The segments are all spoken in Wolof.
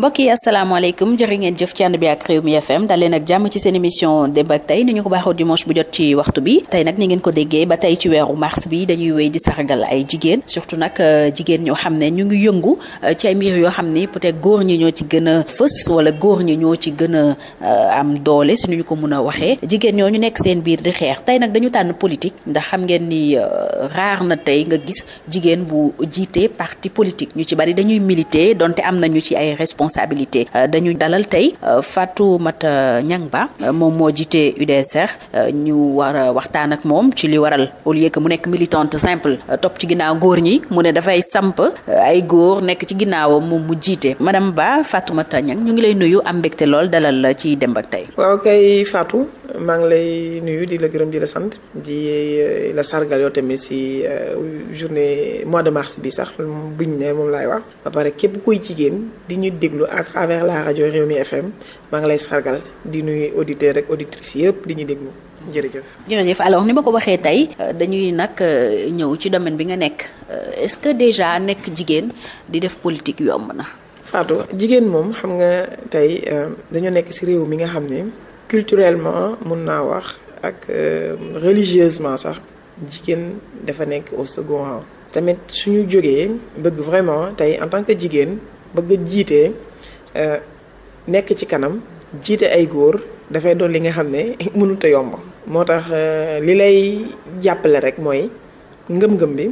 mbokk yi asalaamaaleykum jërë ngeen jëf ci ànd bi ak Rewmi FM dalee nag jàmm ci seen émission démb ak tey ni ñu ko baaxoo dimanche bu jot ci waxtu bi tey nag ni ko déggee ba tey ci weeru mars bi dañuy wéy di sargal ay jigéen surtout nag euh, jigéen ñoo xam ne ñu ngi yëngu euh, ci ay mbir yoo xam ni peut-être góor ñi ñoo ci gën a fës wala góor ñi ñoo ci gën a euh, am doole si ñu ko mun a waxee jigéen ñoo ñu nekk seen biir di xeex tey nag dañu tànn politique ndax xam ngeen ni raar na tey nga gis jigéen bu jiitee parti politique ñu ci bari dañuy militer donte am nañu ci ay responsabilité euh, dañu dalal tey euh, Fatoumata Niang Ba euh, moom moo jiite UDSR ñu war a waxtaan ak moom ci li waral au lieu que mu nekk militante simple topp ci ginnaaw góor ñi mu ne dafay samp ay góor nekk ci ginnaawam moom mu jiite madame fàttu Fatoumata Niang ñu ngi lay nuyu am mbégte lool dalal la ci dem ak tey waaw kay Fatou maa ngi lay nuyu di la gërëm di la sant di la sargal yoo tamit si journée mois de mars bi sax buñ ne moom laay wax ba pare képp kuy jigéen di ñu dégg lu à travers la rajo mi FM maa ngi lay sargal di nuyu auditeurs ak auditrices yëpp di ñu déglu jërëjëf. jërëjëf alors ni ma ko waxee tey euh, dañuy nag euh, ñëw ci domaine bi nga nekk euh, est-ce que déjà nekk jigéen di def politique yomb na. Fatou jigéen moom xam nga tey dañoo nekk ci réew mi nga xam ne culturellement mun naa wax ak religieusement sax jigéen dafa nekk au second rang. tamit suñu jógee bëgg vraiment tey en tant que jigéen bëgg jiite euh, nekk ci kanam jiite ay góor dafay doon li nga xam ne mënut yomb. moo tax euh, li lay jàppale rek mooy ngëm-ngëm bi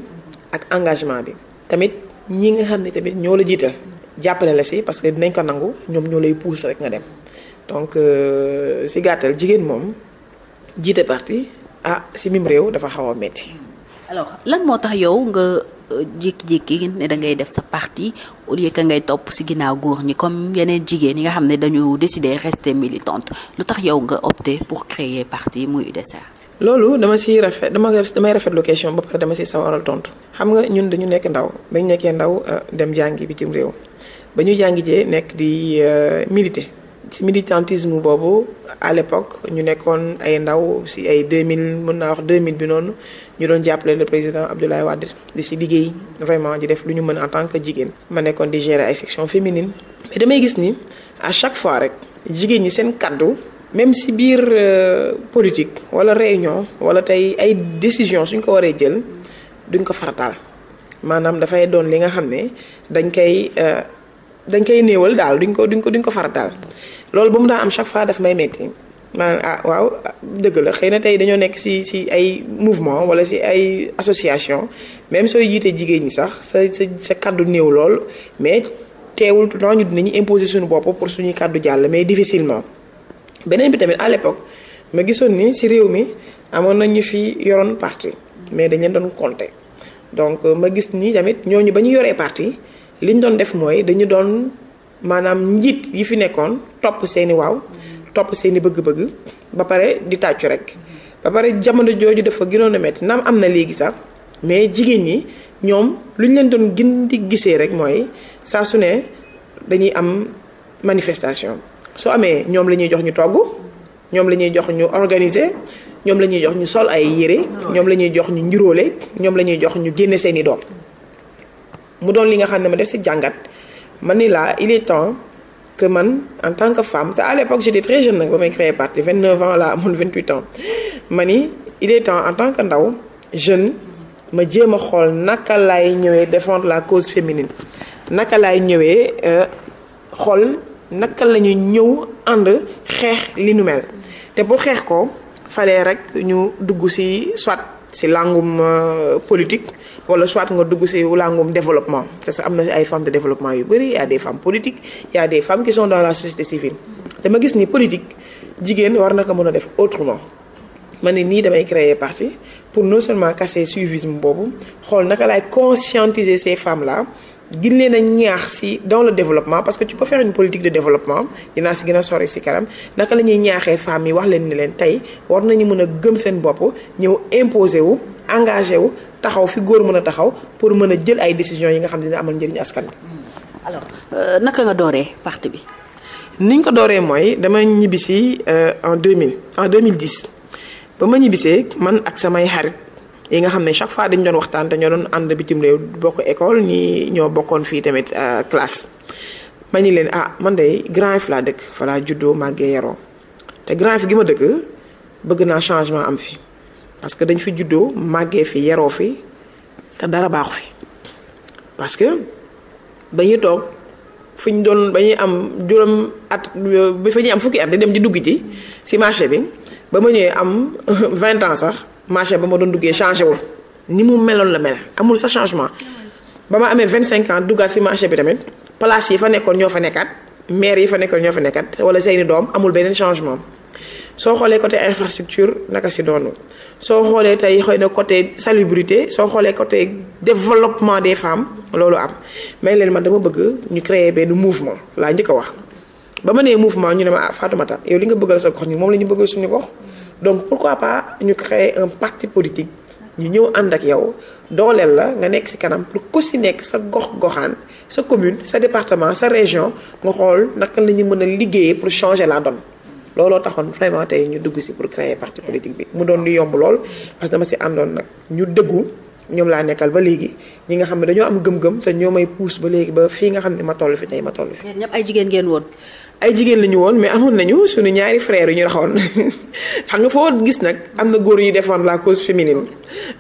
ak engagement bi tamit ñi nga xam ne tamit ñoo la jiital jàppale la si parce que dinañ ko nangu ñoom ñoo lay pousse rek nga dem donc euh, si gàttal jigéen moom jiite parti ah si mim réew dafa xaw a metti alors lan moo tax yow nga jékki-jékki ne da ngay def sa parti au lieu que ngay topp si ginnaaw góor ñi comme yeneen jigéen yi nga xam ne dañu décider rester militante lu tax yow nga opté pour créer parti muy UDESA. loolu dama si rafet dama damay rafetlu question ba pare dama si sawaral tontu xam nga ñun dañu nekk ndaw ba ñu nekkee ndaw euh, dem jàngi bitim réew ba ñu jàngi jee nekk di euh, militer. ci militantisme boobu à l'époque ñu nekkoon ay ndaw si ay 2000 mën naa wax mille bi noonu ñu doon jàppale le président Abdoulaye Wade di si liggéey vraiment ji def lu ñu mën en tant que jigéen. ma nekkoon di gérer ay section féminine mais damay gis ni à chaque fois rek jigéen ñi seen kaddu même si biir euh, politique wala réunion wala tey ay décision suñ ko waree jël duñ ko far farataal maanaam dafay doon li nga xam ne dañ koy. Euh, dañ koy néewal daal duñ ko duñ ko duñ ko farataal loolu ba mu daa am chaque fois daf may metti maanaam ah waaw dëgg la xëy na tey dañoo nekk ci ci ay mouvement walla ci ay association même sooy jiitee jigéen ñi sax sa sa sa kàddu néew lool mais teewul tout le temps ñu dinañu imposer suñu bopp pour suñuy kàddu jàll mais difficilement. beneen bi tamit à l'époque ma gisoon ni ci réew mi amoon nañ ñu fi yoroon parti mais dañ leen doon compter donc ma gis nii tamit ñooñu ba ñu yoree parti li ñu doon def mooy dañu doon. maanaam njiit yi fi nekkoon topp seeni waaw topp seeni bëgg-bëgg ba pare di tàccu rek ba pare jamono jooju dafa gënoon a metti naam am na léegi sax mais jigéen ñi ñoom lu ñu leen doon gën di gisee rek mooy saa su ne dañuy am manifestation soo amee ñoom la ñuy jox ñu togg ñoom la ñuy jox ñu organiser ñoom la ñuy jox ñu sol ay yére ñoom la ñuy jox ñu njuróole ñoom la ñuy jox ñu génne seeni doom mu doon li nga xam ne ma def si jàngat ma ni laa il est temps que man en tant que femme te à l'époque j'étais très jeune nag ba may créé parti 29 ans laa amoon 28 ans ma ni il est temps en tant que ndaw jeune ma jéem a xool naka lay ñëwee défendre la cause féminine naka laay ñëwee euh, xool naka la ñu ñëw ànd xeex li nu mel te bu xeex ko falee rek ñu dugg ci soit ci langum euh, politique wala soit nga dugg si langum développement parce que am na ay femmes de développement yu bëri y a des femmes politiques y a des dans la société civile dama gis ni politique jigéen war na ko mën a def autrement ma ne nii damay créer parti pour non seulement casser suivisme boobu xool naka laay conscientiser ces femmes là gin leen a ñaax si dans le développement parce que ci peux faire une politique de développement dinaa si gën a sori si kanam naka la ñuy ñaaxee femmes yi wax leen ne leen tey war nañu mën a gëm seen bopp ñëw imposer wu engagé wu taxaw fi góor mën a taxaw pour mën a jël ay décisions yi nga xam ne dina amal njëriñu askan bi hmm. alors euh, naka nga dooree parti bi. ni ko dooree mooy dama ñibbisi euh, en 2000 en 2010 ba ma ñibbisee man ak samay xarit yi nga xam ne chaque fois dañu doon waxtaan te ñoo doon ànd bitim réew bokk école ñi ñoo bokkoon fii tamit euh, classe. ma ni leen ah man de Grand Yoff laa dëkk falaa laa juddoo màggee yaroo te Grand Yoff gi ma dëkk bëgg naa changement am fi. parce que dañu fi juddoo màggee fi yeroo fi te dara baaxu fi parce que ba ñu toog fi ñu doon ba ñuy am juróom at bi fa ñuy am fukki at di dem di dugg ji si marché bi ba ma ñëwee am 20 ans sax marché ba ma doon duggee changé wul ni mu meloon la mel amul sa changement ba ma amee 25 ans duggaat si marché bi tamit place yi fa nekkoon ñoo fa nekkaat maire yi fa nekkoon ñoo fa nekkat wala seeni doom amul beneen changement. soo xoolee côté infrastructure naka si doonu soo xoolee tey xëy na côté salubrité soo xoolee côté développement des femmes loolu am mais leen ma dama bëgg ñu créer benn mouvement laa jëkk wax ba ma nee mouvement ñu ne ma ah Fatoumata yow li nga bëggal sa gox ñu moom la ñu bëggal suñu gox donc pourquoi pas ñu créer un parti politique ñu ñëw ànd ak yow dooleel la nga nekk ci kanam pour ku nekk sa gox goxaan sa commune sa département sa région nga xool naka la ñu mën a liggéeyee pour changer la donne. looloo taxoon vraiment tey ñu dugg si pour créer parti politique bi mu doon lu yomb lool parce que dama si àndoon nag ñu dëggu ñoom laa nekkal ba léegi ñi nga xam ne dañoo am gëm-gëm te ñoo may puus ba léegi ba fii nga xam ne ma toll fi tey ma toll fi. ay jigéen ngeen woon. ay jigéen la ñu woon mais amoon nañu suñu ñaari frères yu ñu raxoon xam nga foo gis nag am na góor yu defoon la cause féminine.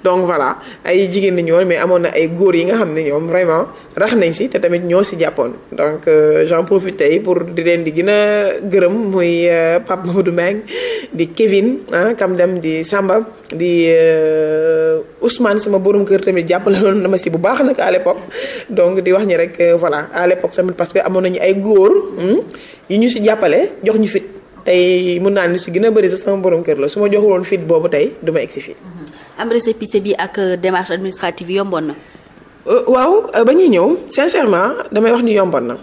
donc voilà ay jigéen la ñu woon mais amoon na ay góor yi nga xam ne ñoom vraiment rax nañ si te tamit ñoo si jàppoon donc euh, j'en profit tey pour di leen di gën a gërëm muy euh, Pape Mamadou Mbengue di Kevin ah kam dem di Samba di euh, Ousmane sama borom kër tamit jàppale woon na ma si bu baax nag à l'époque donc di wax ñi rek voilà à l'époque tamit parce que amoon nañu ay góor hmm, yi ñu si jàppale jox ñu fit tey mun naa ni si gën a bëri sax sama borom kër la su ma joxuloon fit boobu tey du ma egsi fii am récépissé bi ak euh, démarche administrative yomboon na. Euh, waaw euh, ba ñuy ñëw sincèrement damay wax ni yomboon na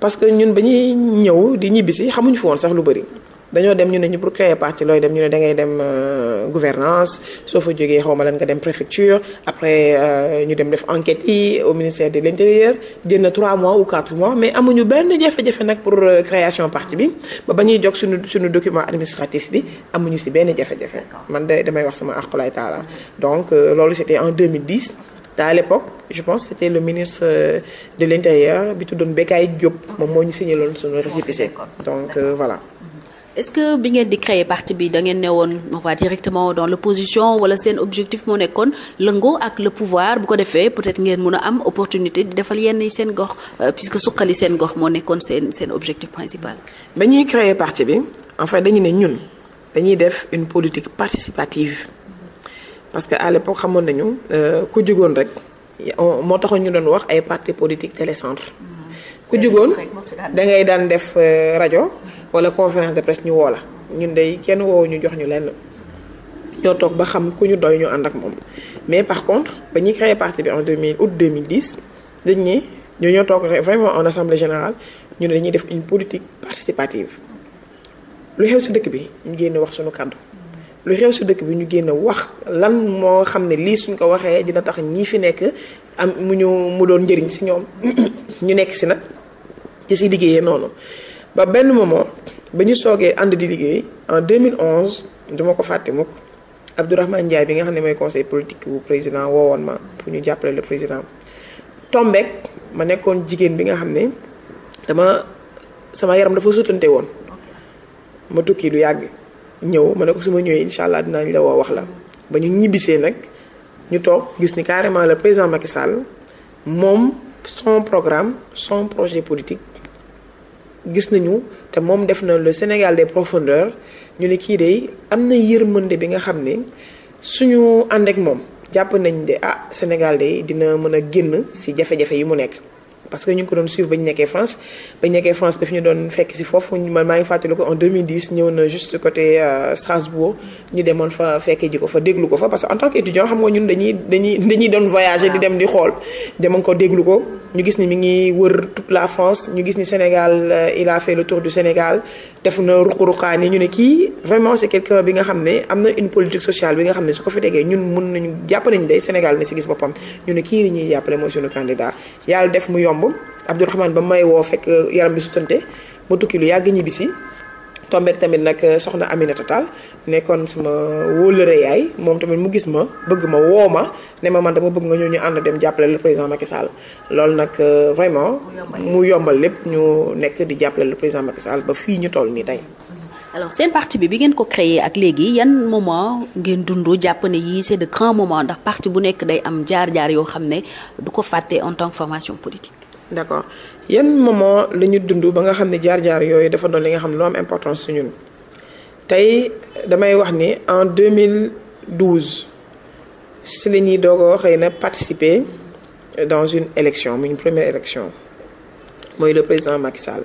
parce que ñun ba ñuy ñëw di ñibbisi xamuñu fi woon sax lu bëri. dañoo dem ñu ne ñu pour créer parti looy dem ñu ne da ngay dem euh, gouvernance soo fa jógee xaw ma lan nga dem préfecture après euh, ñu dem def enquête yi au ministère de l' intérieur trois mois ou 4 mois mais amuñu benn jafe-jafe nag pour euh, création parti bi ba ba ñuy jox suñu suñu document administratif bi amuñu si benn jafe-jafe man de damay wax sama aqulay taala donc loolu ci était en 2010 te à l' époque je pense c' était le ministre de l' intérieur bi tuddoon Bekaay Diop moom moo ñu signé loon suñu récépissé donc voilà est-ce que bi ngeen di créer parti bi dangeen ngeen ne woon on va directement dans l'opposition wala seen objectif moo nekkoon lëngoo ak le pouvoir bu ko defee peut-être ngeen mun a am opportunité di defal yenn seen gox euh, puisque suqali seen gox moo nekkoon seen seen objectif principal. ba ñuy créer parti bi en fait dañu ne ñun dañuy def une politique participative parce que à l'époque xamoon nañu euh, ku jugoon rek moo taxoon ñu doon wax ay parti politiques télécentre mm-hmm. ku jugoon da ngay daan def euh, rajo. wala conférence de presse ñu woo la ñun day kenn woowu ñu jox ñu lenn ñoo toog ba xam ku ñu doy ñu ànd ak moom. mais par contre ba ñuy kayee parti bi en 2000 août 2010 dañ ne ñoo ñoo toog vraiment en assemblée générale ñu ne dañuy def une politique participative lu xew si dëkk bi ñu génn wax suñu kàddu. lu xew si dëkk bi ñu génne wax lan moo xam ne lii suñ ko waxee dina tax ñii fi nekk am mu ñu mu doon njëriñ si ñoom ñu nekk si nag ci si liggéeyee noonu ba benn moment ba ñu soogee ànd di liggéey en 2011 du ma ko fàtte mukk Abdourahmane Ndiaye bi nga xam ne mooy conseil politique wu président woowoon ma pour ñu jàppale le président tombek ma nekkoon jigéen bi nga xam ne dama sama yaram dafa sutante woon ma tukki lu yàgg ñëw ma ne ko su ma ñëwee incha allah dinaañ la woo wax la ba ñu ñibbisee nag ñu toog gis ni carrément la président Macky Sall moom son programme son projet politique gis nañu te moom def na le Sénégal des profondeurs ñu ne kii de am na yërmande bi nga xam ni suñu ànd ak moom jàpp nañ de ah Sénégal de dina mën a génn ci jafe-jafe yi mu nekk. parce que ñu ngi ko doon suivre ba ñu nekkee France ba ñu nekkee France daf ñu doon fekk si foofu maa ngi fàttali en ñëw na juste côté euh, Strasbourg ñu demoon fa fekkee ji ko fa déglu ko fa parce que en tant que étudiant xam nga ñun dañuy dañuy dañuy doon voyager di dem di xool demoon ko déglu ko ñu gis ni mi ngi wër toute la France ñu gis ni Sénégal euh, il a fait le tour du Sénégal def na ruq-ruqaan ñu ne kii vraiment c'est quelqu'un bi nga xam ne am na une politique sociale bi nga xam ne su ko fi tegee ñun mun nañu jàpp nañu day Sénégal si gis boppam ñu ne kii la ñuy jàppale mooy suñu démb Abdourahmane ba may woo fekk euh, yaram bi su tënte ma tukki lu yàgg ñibbisi tombeek tamit nag euh, soxna Aminata Tall nekkoon sama wóolëre yaay moom tamit mu gis ma bëgg ma woo ma ne ma man dama bëgg nga ñëw ñu ànd dem jàppale le président Macky Sall loolu nag euh, vraiment mu yombal lépp ñu nekk di jàppale le président Macky Sall ba fii ñu toll nii tey alors seen parti bi bi ngeen ko créé ak léegi yan moment ngeen dund jàpp yi yii c'est de grands moments ndax parti bu nekk day am jaar yoo xam ne du en tant que formation d'accord yan moment la ñu dundu ba nga xam ne jaar-jaar yooyu dafa doon li nga xam ne lu am importance su ñun tey damay wax ni en 2012 si la ñuy doogoo xëy na participer dans une élection muy une première élection mooy le président Macky Sall.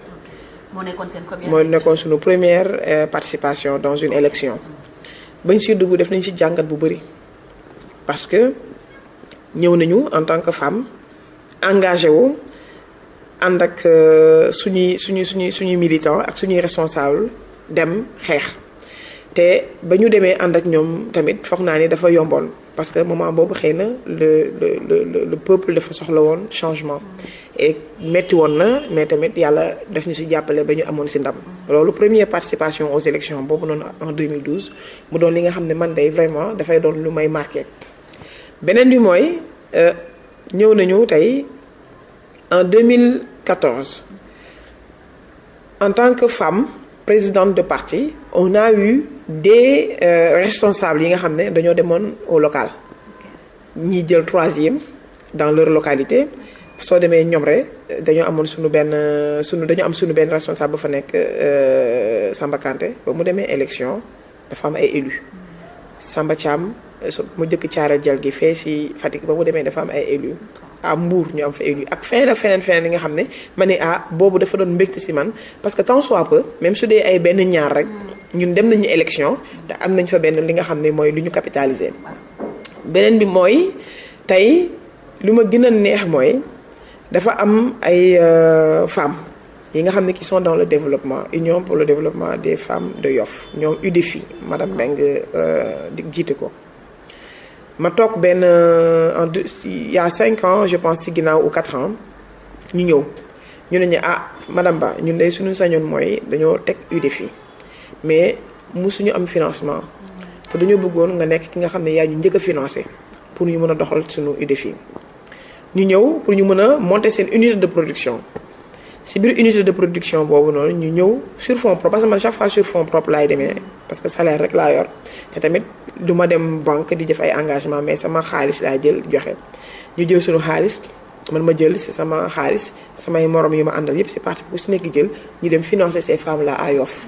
moo nekkoon moo nekkoon suñu première euh, participation dans une élection bañ si dugg def nañ si jàngat bu bëri parce que ñëw nañu en tant que femme engagé wu. ànd ak euh, suñuy suñuy suñuy suñuy militant ak suñuy responsable dem xeex te ba ñu demee ànd ak ñoom tamit foog naa ni dafa yomboon parce que moment boobu xëy na le le le le peuple dafa soxla woon changement et metti woon na mais tamit yàlla daf ñu si jàppale ba ñu amoon si ndam loolu première participation aux élections boobu noonu en 2012 mu doon li nga xam ne man day vraiment dafay doon lu may marqué beneen bi mooy euh, ñëw nañu tey en 2014 en tant que femme présidente de parti on a eu des euh, responsables yi nga xam ne dañoo demoon au local ñi jël troisième dans leur localité soo demee ñoom rek dañoo amoon suñu benn suñu dañoo am suñu benn responsable ba fa nekk euh, Samba Kanté ba mu demee élection dafa am ay élus Samba su euh, mu jëkk caaral jël gi fee si Fatick ba mu demee dafa am ay élus à Mbour ñoo am fa élu ak feneen ak feneen feneen yi nga xam ne ma ne ah boobu dafa doon mbégte si man parce que tant soit peu même su dee ay benn ñaar rek ñun dem nañu élection te am nañ fa benn li nga xam ne mooy lu ñu capitaliser beneen bi mooy tey lu ma gën a neex mooy dafa am ay euh, femme yi nga xam ne qui sont dans le développement union pour le développement des femmes de Yoff ñoom UDEFI madame Mbengue euh, di jiite ko. ma toog benn euh, en deux il y cinq ans je pense ci ginnaaw ou quatre ans ñu ñëw ñu ne ñu ah madame Ba ñun day suñu sañoon mooy dañoo teg UDFI mais suñu am financement te dañoo bëggoon nga nekk ki nga xam ne yaa ñu njëkk a financé pour ñu mën a doxal suñu UDFI ñu ñëw pour ñu mën a monte seen unité de production si biir unité de production boobu noonu ñu ñëw sur fonds propre parce que man chaque fois sur fonds laay demee parce que salaire rek laa yor te tamit du ma dem banque di def ay engagement mais sama xaalis laa jël joxe ñu jël suñu xaalis man ma jël si sama xaalis samay morom yu ma àndal yépp si parti ku si nekk jël ñu dem financer ces femmes là à Yoff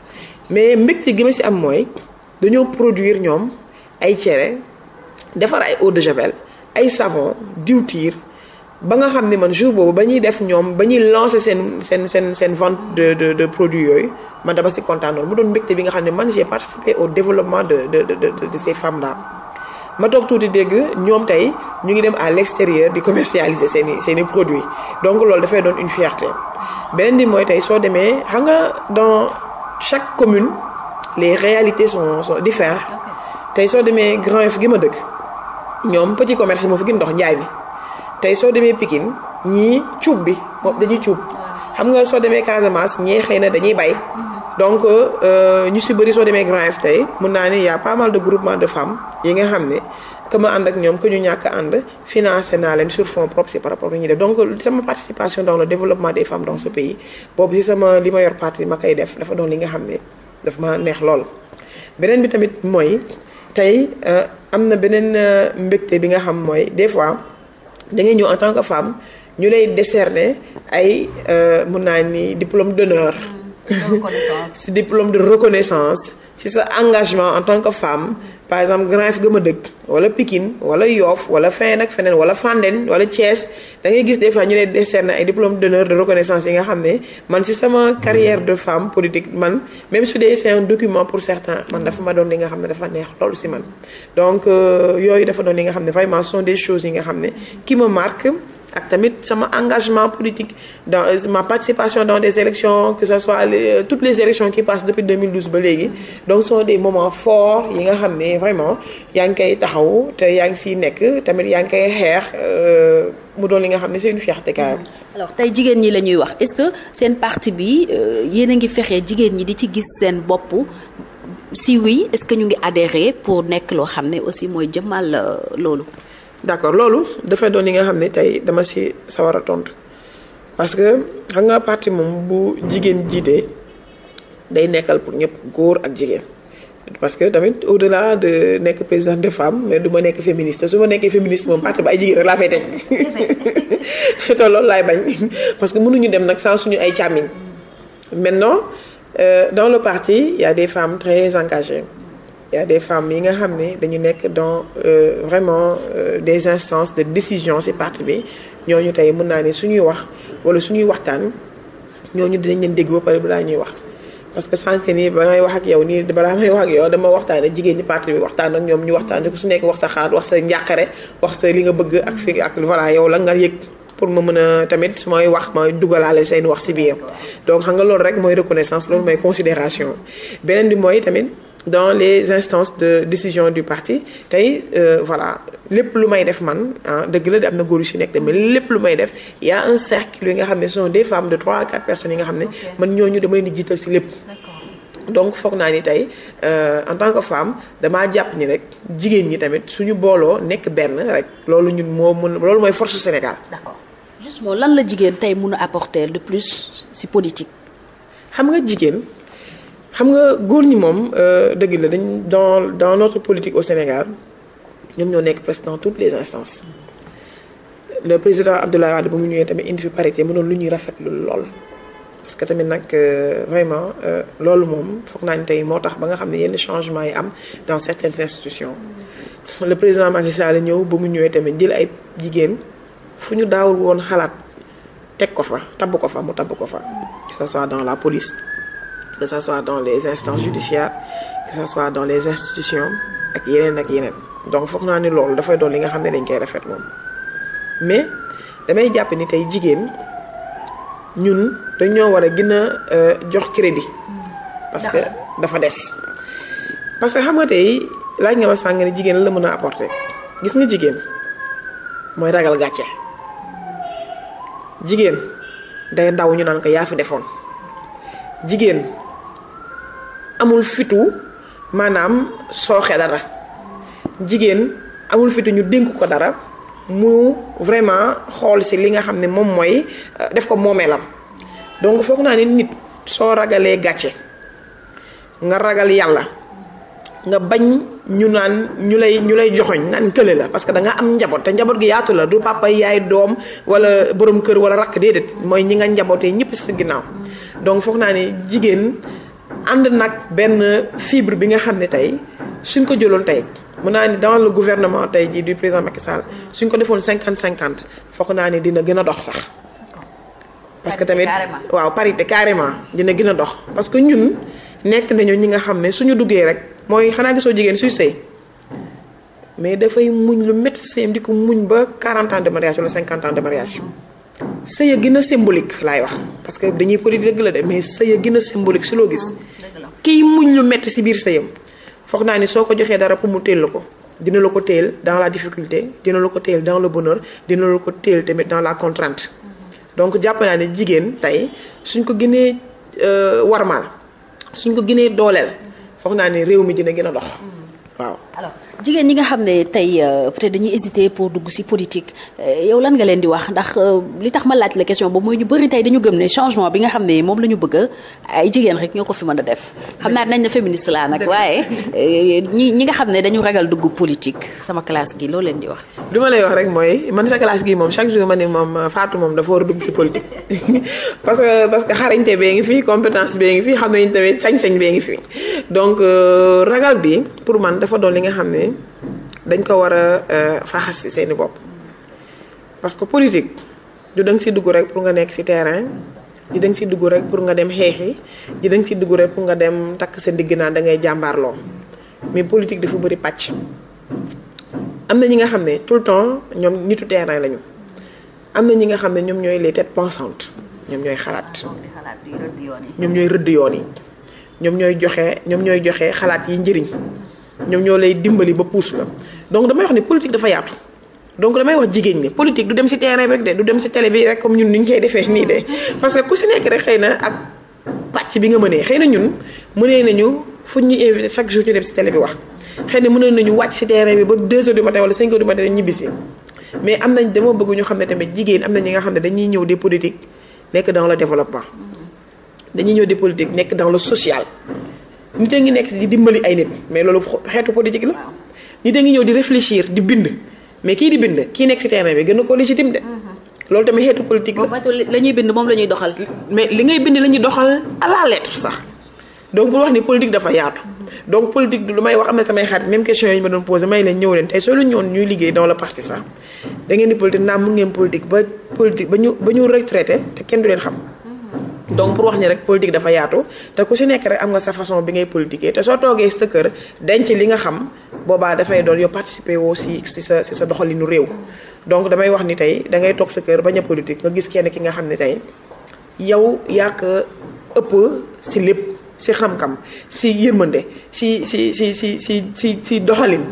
mais mbégte gi ma si am mooy dañoo produir ñoom ay cere defar ay eau de javel ay savon diwtiir ba nga xam ne man jour boobu ba ñuy def ñoom ba ñuy lancé seen seen seen seen vente de de de produits yooyu man dama si kontaanoon mu doon mbégte bi nga xam ne man j'ai participé au développement de de de de ces femmes ma toog tuuti dégg ñoom tey ñu ngi dem à l'extérieur di commercialiser seeni seeni seen produits donc loolu dafay doon une fierté beneen bi mooy tey soo demee xam nga dans chaque commune les réalité sont sont différentes tey soo demee Grand Yoff gi ma dëkk ñoom petit commerce moo fi gën dox njaay mi. tey soo demee Pikine ñii cuub bi moom dañuy cuub xam nga soo demee Casamance ñee xëy na dañuy bay mhm. donc euh, ñu si bari soo demee Grand F tey mun naa ne y a pas de groupement yi nga xam ne que ma ànd ak ñoom que ñu ñàkk ànd financé naa leen sur fonds propres si par rapport lu ñuy def donc sama participation dans développement des femmes dans ce pays boobu si sama li ma yor parti ma koy def dafa doon li nga xam ne dafa ma neex lool. beneen bi tamit mooy tey euh, am na beneen euh, mbégte bi nga xam mooy des fois. da ngay ñëw en tant que femme ñu lay décerner ay euh, mun naa ni diplôme d'honneur mm, si diplôme de reconnaissance si sa engagement en tant que femme par exemple Grand Yoff gëm a dëkk wala Pikine wala Yoff wala feneen ak feneen wala Fandène wala Thiès da ngay gis des fois ñu lay décerner ay diplôme d'honneur de reconnaissance yi nga xam ne man si sama carrière de femme politique man même su dee c'est document pour certains man dafa ma doon li nga xam ne dafa neex loolu si man donc euh, yooyu dafa doon li nga xam ne vraiment sont des choses yi nga xam ne qui me marque ak tamit sama engagement politique dans euh, ma participation dans des élections que ce soit les, euh, toutes les élections qui passent depuis 2012 ba léegi donc ce sont des moments forts yi nga xam ne vraiment yaa ngi koy taxaw te yaa ngi siy nekk tamit yaa ngi koy xeex euh, mu doon li nga xam ne c'est une fierté quand tey jigéen ñi la ñuy wax est-ce que seen parti bi yéen a ngi fexe jigéen ñi di ci gis seen bopp si oui est-ce que ñu ngi adhérer pour nekk loo xam ne aussi mooy jëmmal loolu. d'accord loolu dafa doon li nga xam ne tey dama si sawar a tontu parce que xam nga parti moom bu jigéen jiitee day nekkal pour ñëpp góor ak jigéen parce que tamit au delà de nekk présidente de femme mais du ma nekk féministe su ma nekkee féministe moom parti ba ay jigéen rek laa fay teg te loolu laay bañ parce que mënuñu dem nag saa suñu ay càmmiñ maintenant euh, dans le parti il y a des femmes très engagées y a des femmes yi nga xam ne dañu nekk dans euh, vraiment euh, des instances de décision ci parti bi ñooñu tey mën naa ne suñuy wax wala ñuy waxtaan ñooñu dinañ leen dégg ba pare balaa ñuy wax. parce que sànq nii ba may wax ak yow nii balaa may wax ak yow dama waxtaan ak jigéen ñi parti bi waxtaan ak ñoom ñu waxtaan ku su nekk wax sa xalaat wax sa njàqare wax sa li nga bëgg ak fi ak voilà yow la nga yëg. pour ma mën a tamit su may wax ma dugalaale seen wax ci biir xam nga loolu rek mooy reconnaissance loolu mooy considération beneen bi mooy tamit. dans les instances de décision du parti tey euh, voilà lépp lu may def man ah dëgg la am na góor yu si nekk mais lépp lu may def y' a un cercle yi nga xam ne ce sont des femmes de trois à quatre personnes yi nga xam ne man ñooñu dama leen di jiital si lépp. donc foog naa ni tey euh, en tant que femme damaa jàpp ni rek jigéen ñi tamit suñu booloo nekk benn rek loolu ñun moo mën loolu mooy force Sénégal. d'accord justement lan la jigéen tey mun a apporter de plus si politique. xam nga jigéen. xam nga góor ñi moom euh, dëgg la dañ dans dans notre politique au Sénégal ñoom ñoo nekk presque dans toutes les instances le président Abdoulaye Wade ba mu ñëwee tamit indi fi parité mu doon lu ñuy rafetlu lool. parce que tamit nag euh, vraiment euh, loolu moom foog naa ne tey moo tax ba nga xam ne yenn changement yi am dans certaines institutions le président Macky Sall ñëw ba mu ñëwee tamit jël ay jigéen fu ñu daawul woon xalaat teg ko fa tabb ko fa mu tabb ko fa que ce la police. que ça soit dans les instances judiciaires que ça soit dans les institutions ak yeneen ak yeneen donc foog naa ni loolu dafay doon li nga xam ne dañ koy rafet moom mais damay jàpp ni tey jigéen ñun dañoo war a gën a euh, jox crédit parce que dafa des parce que xam nga tey laaj nga ma sàng jigéen la mën a apporter gis nga jigéen mooy ragal gàcce jigéen day daw ñu naan ko yaa fi defoon jigéen amul fitu maanaam soo sooxe dara jigéen amul fitu ñu dénk ko dara mu vraiment xool si li nga xam ne moom mooy euh, def ko moomeelam donc foog naa ne nit soo ragalee gàcce nga ragal yàlla nga bañ ñu naan ñu lay ñu lay joxoñ naan kële la parce que da nga am njaboot te njaboot gi yaatu la du papa yaay doom wala boroom kër wala rakk déedéet mooy ñi nga njabootee ñëpp si ginnaaw donc foog naa ne jigéen. ànd nag benn fibre bi nga xam ne tey suñ ko jëloon tey mun naa ni dans le gouvernement tey jii du président Macky Sall suñ ko defoon cinquante cinquante foog naa ni dina gën a dox sax. parce que tamit waaw parité carrément dina gën a dox. parce que ñun nekk nañoo ñi nga xam ne suñu duggee rek mooy xanaa gisoo jigéen suy sëy mais dafay muñ lu métti sëyam di ko muñ ba 40 ans de mariage wala 50 ans de mariage. sëy a gën a symbolique laay wax parce que dañuy politique dëgg de mais sëy gën a symbolique si loo gis. kiy muñ lu metti si biir sëyam foog naa ni soo ko joxee dara pour mu téel ko dina la ko téel dans la difficulté dina la ko téel dans le bonheur dina la ko téel tamit dans la contrainte donc jàpp naa ne jigéen tey suñ ko gënee euh, warmaal suñ ko gënee dooleel foog naa ne réew mi dina gën a dox mm-hmm. waaw jigéen ñi nga xam ne tey euh, peut-être dañuy hésiter pour dugg ci politique euh, yow lan nga leen di wax ndax euh, li tax ma laaj la question boobu mooy ñu bëri tey dañu gëm ne changement bi nga xam ne moom la ñu bëgg ay jigéen rek ñoo ko a def xam naa nañ na laa nag waaye ñi ñi nga xam ne dañu ragal dugg politique sama classe gi loolu leen di wax li ma lay wax rek mooy man sa classe gi moom chaque jour ma ne moom Fatou moom dafa war a dugg ci politique parce que parce que xarañte bee ngi fi compétence bee ngi fi xam nañu tamit sañ-sañ bee ngi fi donc ragal man dafa doon li nga xam dañ ko war a euh, faxas ci seeni bopp parce que politique du dañ nga dugg rek pour nga nekk ci terrain di da nga dugg rek pour nga dem xeexi di dañ nga dugg rek pour nga dem takk sa ndigg naa da ngay jàmbaarloo mais politique dafa bëri pàcc. am na ñi nga xam ne tout le temps ñoom nitu terrain lañu am na ñi nga xam ne ñoom ñooy les têtes pensantes ñoom ñooy xalaat ñoom ñooy rëdd yoon yi ñoom ñooy joxe ñoom ñooy joxe xalaat yi njëriñ. ñoom ñoo lay dimbali ba pousse la donc damay wax ni politique dafa yaatu donc damay wax jigéen ñi politique du dem ci terrain bi rek de du dem ci télé bi rek comme ñun ni ñu koy defee nii de parce que ku ci nekk rek xëy na ak pàcc bi nga mënee xëy na ñun mënee nañu fu ñu invité chaque jour ñu dem ci télé bi wax xëy na mënee nañu wàcc ci terrain bi ba 2 heures du matin wala 5 heures du matin ñibbisi mais am nañ dama bëgg ñu xam ne tamit jigéen am na ñi nga xam ne dañuy ñëw des politiques nekk dans le développement dañuy ñëw des politiques nekk dans le social nit a ngi nekk di dimbali ay nit mais loolu xeetu politique la. nit a ngi ñëw di réfléchir di bind mais kii di bind kii nekk ci terrain bi gën a ko légitime de. Mm-hmm. loolu tamit xeetu politique la. la ñuy bind moom la ñuy doxal. mais li ngay bind la ñuy doxal à la lettre sax donc pour wax ni politique dafa yaatu. Mm-hmm. donc politique du lu may wax am na samay xarit même question yi ñu ma doon posé may leen ñëw leen tey soo leen ñëwoon ñuy liggéey dans le parti sax da di politique ba ñu ba ñu kenn du leen xam. donc pour wax ni rek politique dafa yaatu te ku si nekk rek am nga sa façon bi ngay politiquer te soo toogee sa kër denc li nga xam boobaa dafay doon yow participer woo si si sa si sa doxalinu réew. donc damay wax ni tey da ngay toog sa kër bañ a politique nga gis kenn ki nga xam ne tey yow yàq ëpp si lépp si xam-xam si yërmande si si si si si si si doxalin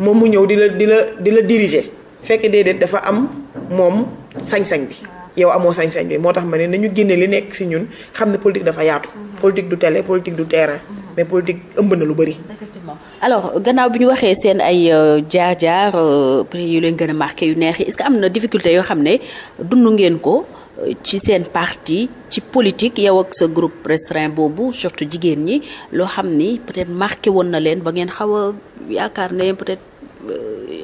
moom mu ñëw di la di la di la diriger fekk déedéet dafa am moom sañ-sañ bi. yow amoo sañ-sañ bi moo tax ma ne nañu génne li nekk ci ñun xam ne politique dafa yaatu. Mhm. politique du télé politique du terrain. Mhm. mais politique ëmb na lu bari. effectivement alors gannaaw bi ñu waxee seen ay euh, jaar-jaar euh, prix yu leen gën a marqué yu neex yi est-ce am na difficulté yoo xam ne dund ngeen ko. Euh, ci seen parti ci politique yow ak sa groupe restreint boobu surtout jigéen ñi loo xam ni peut-être marqué woon na leen ba ngeen xaw a yaakaar ne peut-être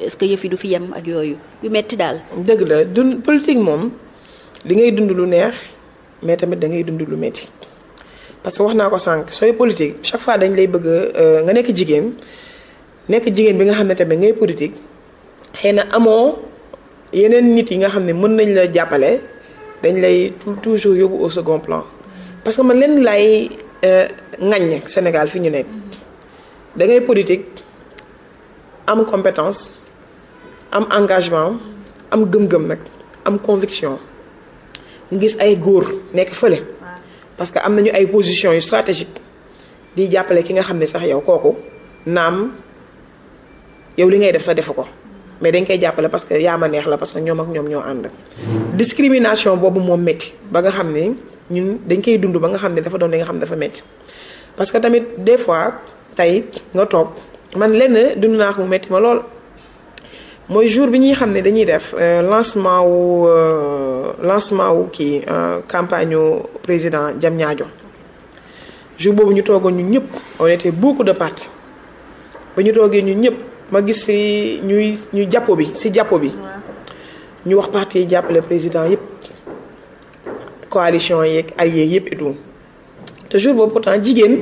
est-ce que yëf yi du fi yem ak yooyu yu metti moom li ngay dund lu neex mais tamit da ngay dund lu métti parce que wax naa ko sànq sooy politique chaque fois dañ lay bëgg euh, nga nekk jigéen nekk jigéen bi nga xam ne tamit ngay politique xëy na amoo yeneen nit yi nga xam ne mën nañ la jàppale dañ lay toujours yóbbu au second plan parce que man leen lay euh, ŋaññ Sénégal fi ñu nekk da ngay politique am compétence am engagement am gëm-gëm nag am conviction ñu gis ay góor nekk fële. parce que am nañu ay position yu stratégique di jàppale ki nga xam ne sax yow kooku naam yow li ngay def sa defu ko mm-hmm. mais dañ koy jàppale parce que yaa ma neex la parce que ñoom ak ñoom ñoo ànd. discrimination boobu moom métti ba nga xam ne ñun dañ koy dund ba nga xam ne dafa doon li nga xam ne dafa métti parce que tamit des fois tey nga toog man lenn dund naa ko mu métti ma lool. mooy jour bi ñuy xam ne dañuy def euh, lancement wu euh, lancement wu kii euh, campagne wu président Diamniadio jour boobu ñu toogoon ñu ñëpp on était beaucoup de partis ba ñu toogee ñu ñëpp ma gis si ñuy ñu jàppo bi si jàppo bi ñu wax parti jàppale président yëpp coalition yeeg ay yëpp et te jour boobu pourtant jigéen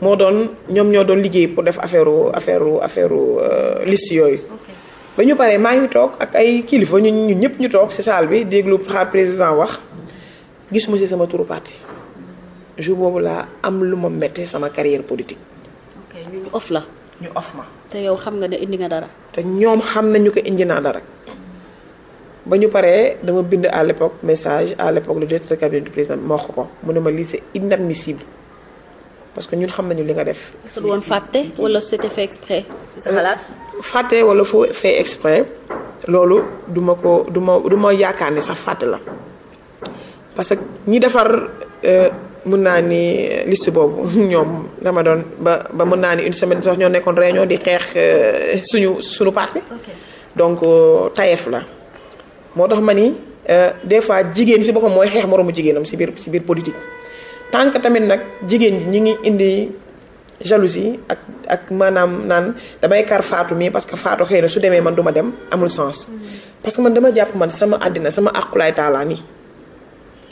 moo doon ñoom ñoo doon liggéey pour def affaire affaire affaire liste yooyu ba ñu paree maa ngi toog ak ay kilifa ñu ñu ñëpp ñu toog ci saal bi déglu xaar président wax gisuma si sama turu parti jour boobu laa am lu ma metti sama carrière politique. ok ñu off la. ñu off ma. te yow xam nga ne indi nga dara. te ñoom xam nañu ko indi naa dara ba ñu paree dama bind à l'époque message à l'époque le directeur de cabinet du président ma wax ko mu ne ma lii c'est inadmissible. parce que ñun xam nañu li nga def. su doon fàtte wala c'était fait exprès. ci sa euh, fàtte wala foo fait exprès loolu duma ko du ma du ma yaakaar ni sax fàtte la parce que ñi defar euh, mën naa ni euh, liste boobu ñoom dama doon ba ba mun naa ni une semaine sox ñoo nekkoon ñoo di xeex suñu suñu parti. donc tayef la moo tax ma ni des fois jigéen si boppam mooy xeex moroomu jigéenam si biir si biir politique. tant que tamit nag jigéen ji ñu ngi indi jalousie ak ak maanaam naan damay kar faatu mii parce que faatu xëy na su demee man duma dem amul sens. Mm. parce que man dama jàpp man sama àddina sama àqulaay taalaa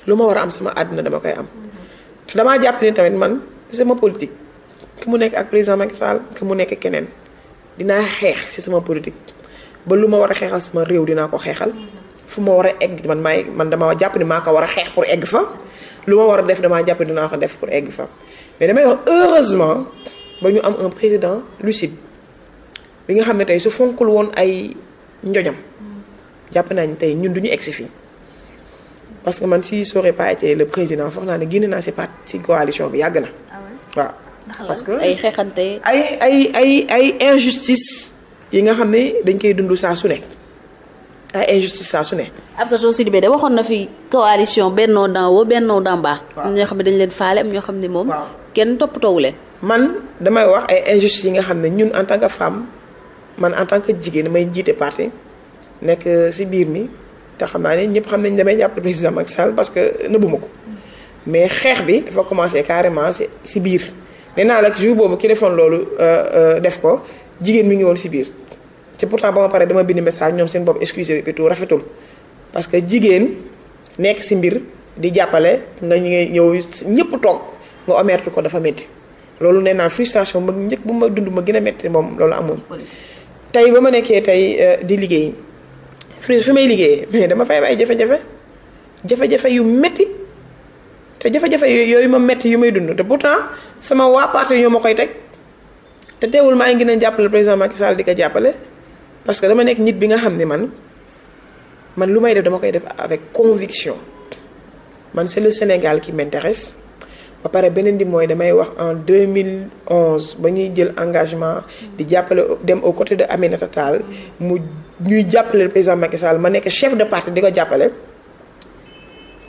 lu ma war a am sama àddina dama koy am. Mm. damaa jàpp ni tamit man sama politique ku mu nekk ak président Macky Sall ku mu nekk keneen dinaa xeex ci sama politique ba lu ma war a xeexal sama réew dinaa ko xeexal mm. fu ma war a egg man maay man dama jàpp ni maa ko war a xeex pour egg fa. lu ma war a def damaa jàpp dinaa ko def pour egg fa mais damay wax heureusement ba ñu am un président lucide bi nga xam ne tey su fonkul woon ay njojam jàpp naa ne tey ñun du ñu egg si fii parce que man si ça aurait pas le président foog naa ne génn naa si part si coalition bi yàgg na. Ah waaw parce que ay xeexante ay ay ay ay injustice yi nga xam ne dañ koy dund saa su nekk. ay ah, injustice saa su ne. Absatou Sidibé de waxoon na fi coalition bennoo d'en haut bennoo d'en bas. am ñoo xam ne dañ leen faale am ñoo xam ne moom. kenn toppatoowu leen. man damay wax ay injustice yi nga xam ne ñun en tant que femme man en tant que jigéen may jiite parti nekk si biir mi te xam naa ne ñëpp xam nañ damay jàpp président Macky Sall parce que nëbbu ko mais xeex bi dafa commencé carrément si si biir nee naa la jour boobu ki defoon loolu euh, euh, def ko jigéen mi ngi woon si biir. ci pourtant ba ma pare dama bind message ñoom seen bopp excusez et tout rafetul parce que jigéen nekk si mbir di jàppale nga ñëw ñëpp toog nga omertu ko dafa métti loolu nee naa mag ma njëkk bu ma dund ma gën a métti moom loolu amul. tey ba ma nekkee tey euh, di liggéey fri fi may liggéeyee mais dama fay am ay jafe-jafe jafe-jafe yu metti te jafe-jafe yooyu ma metti yu may dund te pourtant sama waa parti ñoo ma koy teg te teewul maa ngi gën a jàppale président Macky di ko jàppale. parce que dama nekk nit bi nga xam ne man man lu may def dama koy def avec conviction man c'est le Sénégal ki m'intéresse ba pare beneen bi mooy damay wax en 2011 ba ñuy jël engagement di jàppale dem au côté de Aminata Tall mu ñuy jàppale le président Macky Sall ma nekk chef de parti di ko jàppale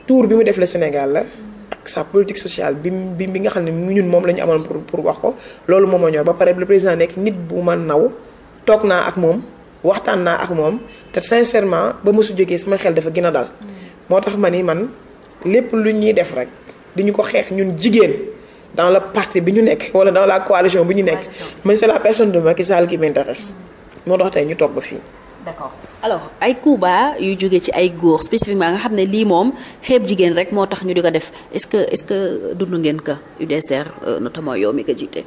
tour bi mu def le Sénégal la ak sa politique sociale bi bi bi nga xam ne mu ñun moom la ñu amoon pour pour wax ko loolu moom moo ñor ba pare le président nekk nit bu ma naw toog naa ak moom waxtaan naa ak moom te sincèrement ba ma su jógee suma xel dafa gën a dal. moo tax ma ni man lépp lu ñuy def rek di ñu ko xeex ñun jigéen dans le parti bi ñu nekk wala dans la coalition bi ñu nekk. man c'est la personne de Macky Sall qui m'intéresse. moo tax tey ñu togg fii. d'accord alors ay coups bas yu jóge ci ay góor spécifiquement nga xam ne lii moom xeeb jigéen rek moo tax ñu di ko def est-ce que est-ce que dund ngeen ko UDSR euh, notamment yow mi ko jiite.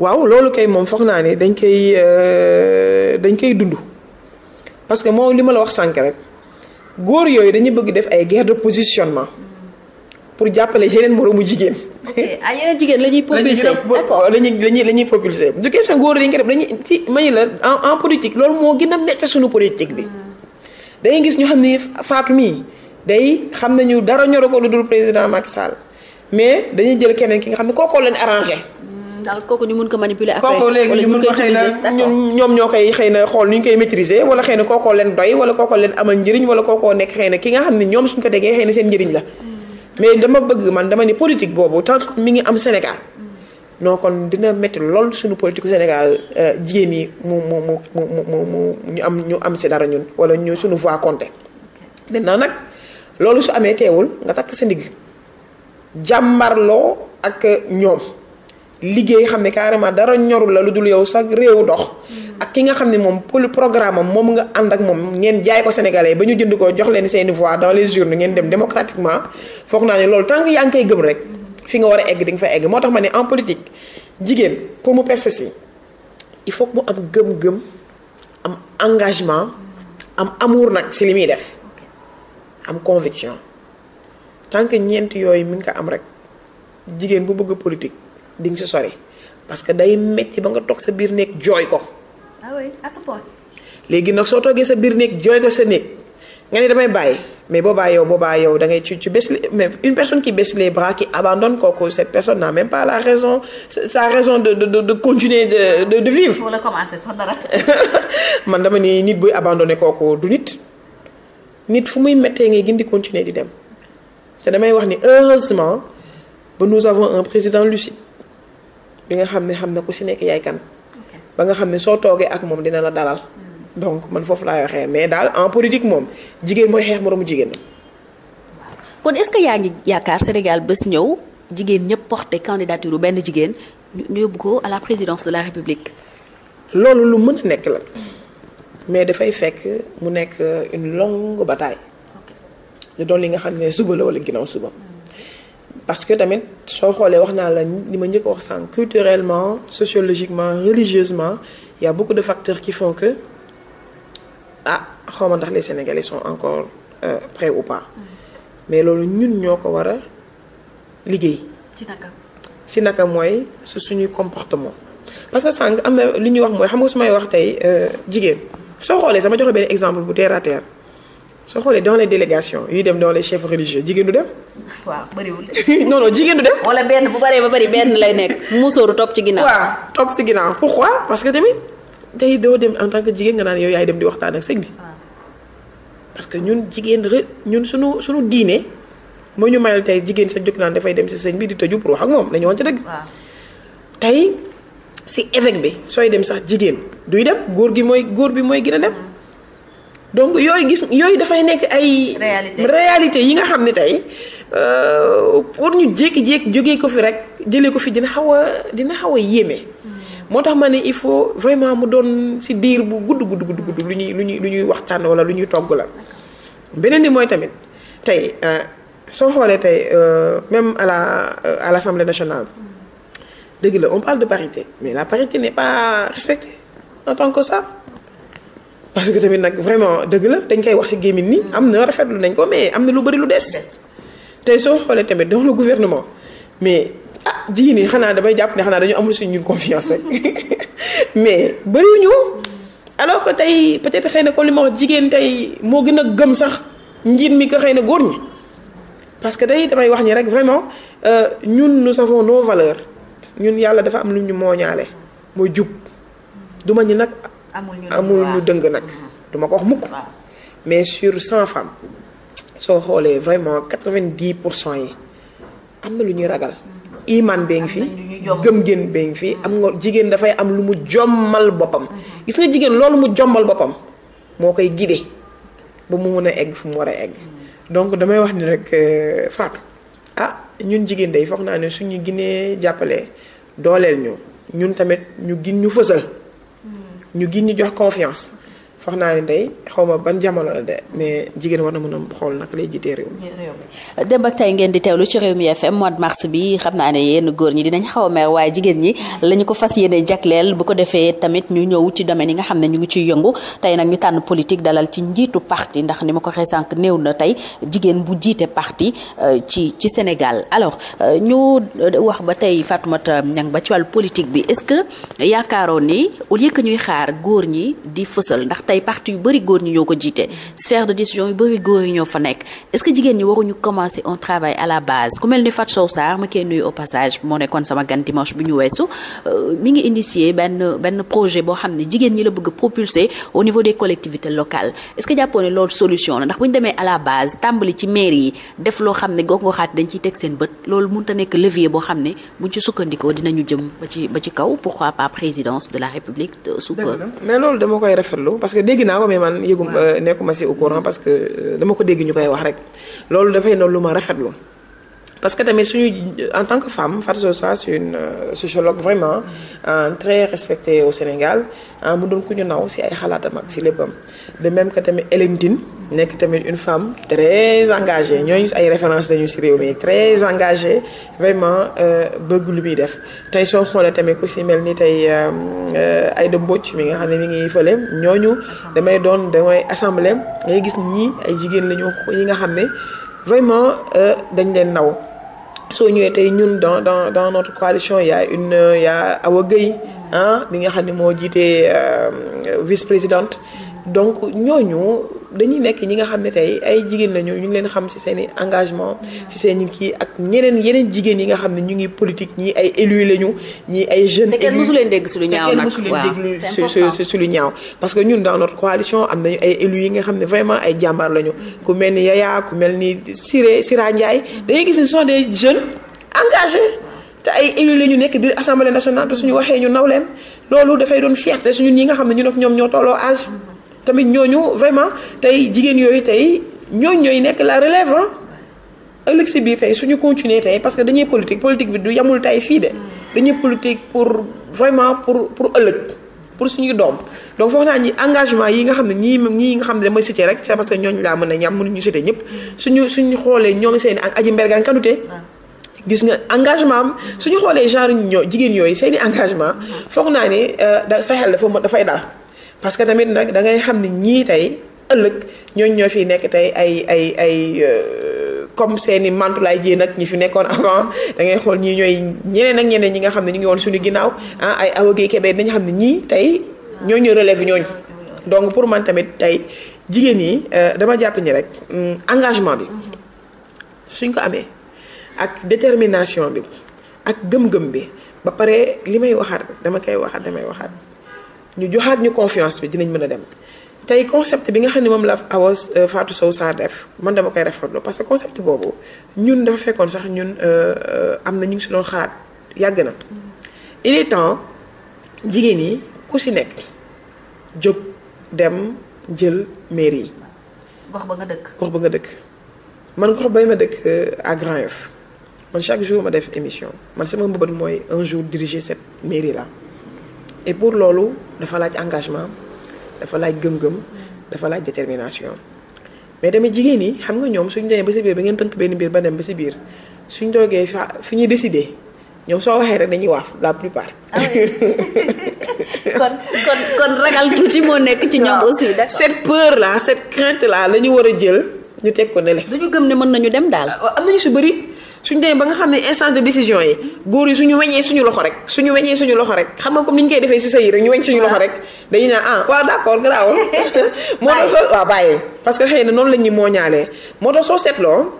waaw loolu kay moom foog naa ne dañ koy euh, dañ koy dund parce que moom li ma la wax sànk rek góor yooyu dañuy bëgg def ay guerre de positionnement pour jàppale yeneen moroomu jigéen. ok ah yeneen jigéen la ñuy propulsé d'accord la ñuy la du question góor yi dañ koy def dañuy ci mani la en en politique loolu moo gën a métti suñu politique bi. Mm. dañuy gis ñu xam ni faatu mii day xam nañu dara ñoro ko lu dul président Macky Sall mais dañuy jël keneen ki nga xam ne kookoo leen arrangé. Mm. daal kooku ñu mun ko manipuler après kooku léegi ñu mun ko ñoom ñoo koy xëy na xool nu ñu koy maîtriser wala xëy na kookoo leen doy wala kookoo leen amal njëriñ wala kookoo nekk xëy na ki nga xam ne ñoom suñ ko tegee xëy na seen njëriñ la mm. mais dama bëgg man dama ne politique boobu tant que mi ngi am Sénégal mm. non kon dina métti lool suñu politique senegal euh, jigéen yi mu mu mu mu mu mu ñu am ñu am si dara ñun wala ñu suñu voix compté maintenant nag loolu su amee teewul nga takk sa ndigg jàmbarloo ak ñoom liggéey xam ne carrément dara ñorul la lu dul yow sax réew dox. ak ki nga xam ne moom pour programme am moom nga ànd ak moom ngeen jaay ko sénégalais ba ñu jënd ko jox leen seeni voix dans les urnes ngeen dem démocratiquement foog naa ne loolu tant que yaa ngi koy gëm rek fi nga war a egg di nga fa egg moo tax ma ne en politique jigéen pour mu il faut que mu gëm-gëm am engagement am amour nag si li muy def am conviction tant que ñeent yooyu mi ngi ko am rek jigéen bu bëgg politique. di nga si sori parce que day metti ba nga toog sa biir néeg jooy ko. ah oui léegi nag soo toogee sa biir néeg jooy ko sa néeg nga ne damay bàyyi mais boobaa yow boobaa yow da ngay ci ci baisse mais une personne qui baisse les bras qui abandonne kooku cette personne n'a même pas la raison sa raison de de de de continuer de de de vivre. wala commencer sax dara. man dama nii nit buy abandonné kooku du nit nit fu muy méttee ngay gën di continuer di dem te damay wax ni heureusement ba nous avons un président lucide. bi nga xam ne xam ne ko si nekk yaay kan ba nga xam ne soo toogee ak moom dina la dalal donc man foofu laay waxee mais daal en politique moom jigéen mooy xeex moroomu jigéen na kon est-ce que yaa ngi yaakaar Sénégal bés ñëw jigéen ñëpp porté candidature benn jigéen ñu yóbbu ko à la présidence de la République loolu lu mën a nekk la mais dafay fekk mu nekk une longue bataille lu doon li nga xam ne suba la wala ginnaaw suba parce que tamit soo xoolee wax naa la li ma njëkk wax sànq culturellement sociologiquement religieusement il y a de facteurs qui font que ah xaw ma ndax les Sénégalais sont encore euh, prêts pas. mais loolu ñun ñoo ko war a liggéey. ci naka. si naka mooy su suñuy comportement. parce que sànq am na li ñuy wax mooy xam nga su may wax tey euh, jigéen soo xoolee sama jox la benn exemple bu terre à soo xoolee dans les délégations yuy dem dans les chefs religieux jigéen du dem. waaw bëriwul de. non non jigéen du dem. wala benn bu bëree ba bari benn lay nekk musóoru topp ci ginnaaw. waaw topp ci ginnaaw pourquoi parce que tamit tey doo dem en tant que jigéen nga naan yow yaay dem di waxtaan ak sëñ bi. Ah. parce que ñun jigéen re ñun suñu suñu diine moo ñu mayal tey jigéen sa jóg naan dafay dem si sëñ bi di tëju pour wax ak moom dañu woon ci dëgg. tey si évêque bi sooy dem sax jigéen duy dem góor gi mooy góor bi mooy gën a dem. donc yooyu gis yooyu dafay nekk ay. réalité yi nga xam ne tey euh, pour ñu jékki-jékki jóge ko fi rek jëlee ko fi dina xaw a dina xaw a yéeme. Hmm. moo tax ma ne il faut vraiment mu doon ci diir bu gudd gudd gudd gudd lu ñuy lu ñuy lu ñuy waxtaan walla lu ñuy togg la. beneen bi mooy tamit tey euh, soo xoolee tey euh, même àlla la à l'Assemblée nationale. Hmm. dëgg la on parle de parité mais la parité n'est pas respectée en tant que ça. parce que tamit nag vraiment dëgg la dañ koy wax ci gémmiñ ni am na rafetlu nañ ko mais am na lu bëri lu des. tey soo xoolee tamit dans le gouvernement mais ah jigéen yi xanaa damay jàpp ne xanaa dañu amul suñu ñun confiance rek mais bëriwuñu alors ko tey peut-être xëy na comme li jigéen tey moo gën a gëm sax njiit mi ko xëy na góor ñi. parce que tey damay wax ni rek vraiment euh, ñun nu avons no valeurs ñun yàlla dafa am lu ñu mooñaale mooy jub duma ñi nag. amul ñu dëng nag mhm. duma ko wax mukk mais sur cent femmes soo xoolee vraiment quatre-vingt-dix pour cent yi am na lu ñuy ragal mhm. iman bee fii fi gëm génn bee fii mhm. am nga jigéen dafay am lu mu jommal boppam gis nga jigéen loolu mu jommal boppam moo koy gide ba mu mën a egg fu mu war a egg donc damay wax ni rek euh, Fatou ah ñun jigéen day foog naa ne suñu ginee jàppale dooleel ñu ñun tamit ñu gin ñu fësal ñu gin ñu jox confiance foog naa ne day xaw ma ban jamono la de mais jigéen war na mën a xool naka lay jiitee réew mi. démb ak tey ngeen di teewlu ci réew mi FM mois de mars bi xam naa ne yéen góor ñi dinañ xaw a waaye jigéen ñi la ko fas yéene jagleel bu ko defee tamit ñu ñëw ci domaine yi nga xam ne ñu ngi ciy yëngu tey nag ñu tànn politique dalal ci njiitu parti ndax ni ma ko xee sànq néew na tey jigéen bu jiite parti euh, ci ci Sénégal alors euh, ñu euh, wax ba tey Fatoumata Niang ba ci wàllu politique bi est-ce que yaakaaroon ni au lieu que xaar góor ñi di fësal ndax tey parti yu bëri góor ñi ñoo ko jiite sphère de décision yu bëri góor yi ñoo fa nekk est jigéen ñi waruñu commencer un travail à la base ku mel ni Fatou Sow Sarr ma koy nuyu au passage moo nekkoon sama gan dimanche bi ñu weesu euh, mi ngi initier benn projet boo xam ne jigéen ñi la bëgg propulser au niveau des collectivités locales est-ce que jàppoo ne loolu solution la ndax bu ñu demee à la base tàmbali ci mairie yi def loo xam ne gox goxaat dañ ciy teg seen bët loolu mënut a nekk levier boo xam ne buñ ci sukkandikoo dinañu jëm ba ci ba ci kaw pourquoi pas présidence de la République euh, sous peu mais loolu que dégg naa ko mais man yëgum euh, nekkuma si au courant parce que euh, dama ko dégg ñu koy wax rek loolu dafay noonu lu ma rafet rafetlu parce que tamit suñu en tant que femme Fatou Sow c'est une euh, sociologue vraiment euh, très respectée au Sénégal euh, mu doon ku ñu naw si ay xalaatam ak si léppam de même que tamit Hélène Tine nekk tamit une femme très engagée ñooñu ay référence lañu si réew mi très engagée vraiment bëgg lu muy def tey soo xoolee tamit ku si mel ni tey Aïda Mbodj mi nga xam ne mi ngi fële ñooñu damay doon damay assemblée ngay gis ñii ay jigéen lañu yi nga xam ne vraiment dañ leen naw soo ñëwee tey ñun dans dans dans notre coalition y a une euh, y a Awa Gueye ah mi nga xam ne moo jiitee euh, vice-présidente donc ñooñu dañuy nekk ñi nga xam ne tey ay jigéen lañu ñu ngi leen xam ci seen i engagement ci seen kii ak ñeneen yeneen jigéen yi nga xam ne ñu ngi politique ñi ay élus lañu ñii ay jeunes. leen dégg ci lu ñaaw nag waaw ci parce que ñun dans notre coalition am nañu ay élus yi nga xam ne vraiment ay jàmbaar lañu ku ni Yaya ku mel ni Siré Sira Ndiaye dañuy gis ne ce sont des jeunes engagés te ay élus la ñu nekk biir assemblée nationale te suñu waxee ñu naw leen loolu dafay doon fierté suñu ñi nga xam ne ñu ak ñoom ñoo tolloo âge tamit ñooñu vraiment tey jigéen yooyu tey ñooñu ñooy nekk la relève ah ëllëg si biir tey suñu continuer tey parce que dañuy politique politique bi du yamul tey fii de dañuy politique pour vraiment pour pour ëllëg pour suñuy doom donc foog naa ñi engagement yi nga xam ne ñii ñii nga xam ne damay cité rek c'est ñooñ que ñooñu laa mën a ñam mënuñu cité ñëpp suñu suñu xoolee ñoom seen ak aji mbergaan kanute gis nga engagement am suñu xoolee genre ñoo jigéen yooyu seen i engagement foog naa ne euh, da sa xel dafa dafay daal parce que tamit nag da ngay xam ni ñii tey ëllëg ñooñ ñoo fi nekk tey ay ay ay euh, comme seeni mantulaay jéen nag ñi fi nekkoon avant da ngay xool ñii ñooy ñeneen ak ñeneen ñi nga xam ne ñu ngi woon suñu ginnaaw ah ay awagee kebee dañu xam ne ñii tey ñooñu relève ñooñu donc pour man tamit tey jigéen ñi euh, dama jàpp ñi rek mm, engagement bi suñ ko amee ak détermination bi ak gëm-gëm bi ba pare li may waxaat dama koy waxaat damay waxaat ñu joxaat ñu confiance bi dinañ mën a dem tey concept bi nga xam ne moom la Awa euh, faatu Sow Sarr def man dama koy rafetlu parce que concept boobu ñun dafa fekkoon sax ñun euh, euh, am na ñu ngi si doon xalaat yàgg na il est temps jigéen yi ku si nekk jóg dem jël mairie yi. gox ba nga dëkk. gox ba nga dëkk man gox bay ma dëkk à Grand-Yoff man chaque jour ma def émission man sama mbëbët mooy un jour diriger cette mairie là. et pour loolu dafa laaj engagement dafa laaj gëm-gëm dafa laaj détermination mais tamit jigéen ñi xam nga ñoom suñu demee ba si biir ba ngeen tënk benn biir ba dem ba si biir suñ doogee fa fi ñuy décider ñoom soo waxee rek dañuy waaf la plupart. Ah kon kon kon ragal tuuti moo nekk ci ñoom. aussi d'accord cette peur là cette crainte là la ñu war a jël ñu teg ko ne le. du gëm ne mën nañu dem daal. Ah, am nañu si bëri. suñu demee ba nga xam ne instance de décision yi góor yi suñu weñee suñu loxo rek suñu weñee suñu loxo rek xam nga comme ni ñu koy defee si sëy rek ñu weñ suñu loxo rek dañuy naan ah waaw d'accord garaawul moo tax soo waaw bàyyi parce que xëy na la ñuy mooñaalee moo tax soo seetloo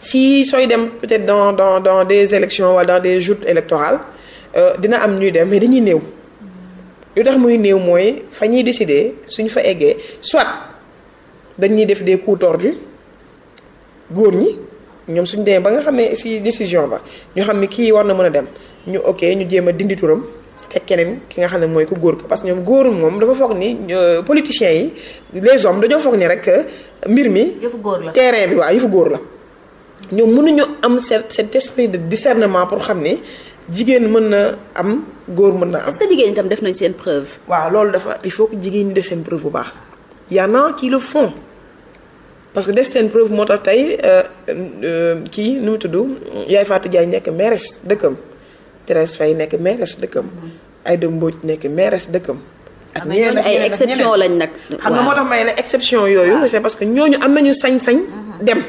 si sooy dem peut-être dans dans dans des élections wala dans des joutes électorales euh, dina am ñuy dem mais dañuy néew lu tax muy néew mooy fa ñuy décider suñu fa eggee soit dañuy def des coups tordus góor ñi ñoom suñu demee ba nga xamee si décision ba ñu xam ne kii war na mën a dem ñu ok ñu jéem a dindi turam te keneen ki nga xam ne mooy ko góor ko parce que ñoom góoru moom dafa foog ni euh, politiciens yi les hommes dañoo foog ni rek euh, mbir mi. yëfu góor la terrain bi waaw yëfu góor la. ñoom mënuñu am cet cet esprit de discernement pour xam ni jigéen mën na am góor mën na am. est jigéen itam def nañ seen preuve. waaw loolu dafa il faut que jigéen ñi def seen preuve bu baax. y naa kii qui le parce que def seen preuve moo tax tey euh, euh, kii nu mu tudd Yaay Fatou Diagne nekk mairesse dëkkam Thérèse Faye nekk mairesse dëkkam mm-hmm. de Mbodj nekk mairesse dëkkam. ak ñeneen ay exception lañ nag. xam nga exception yooyu c'est parce que ñooñu am nañu sañ-sañ. Mm-hmm. dem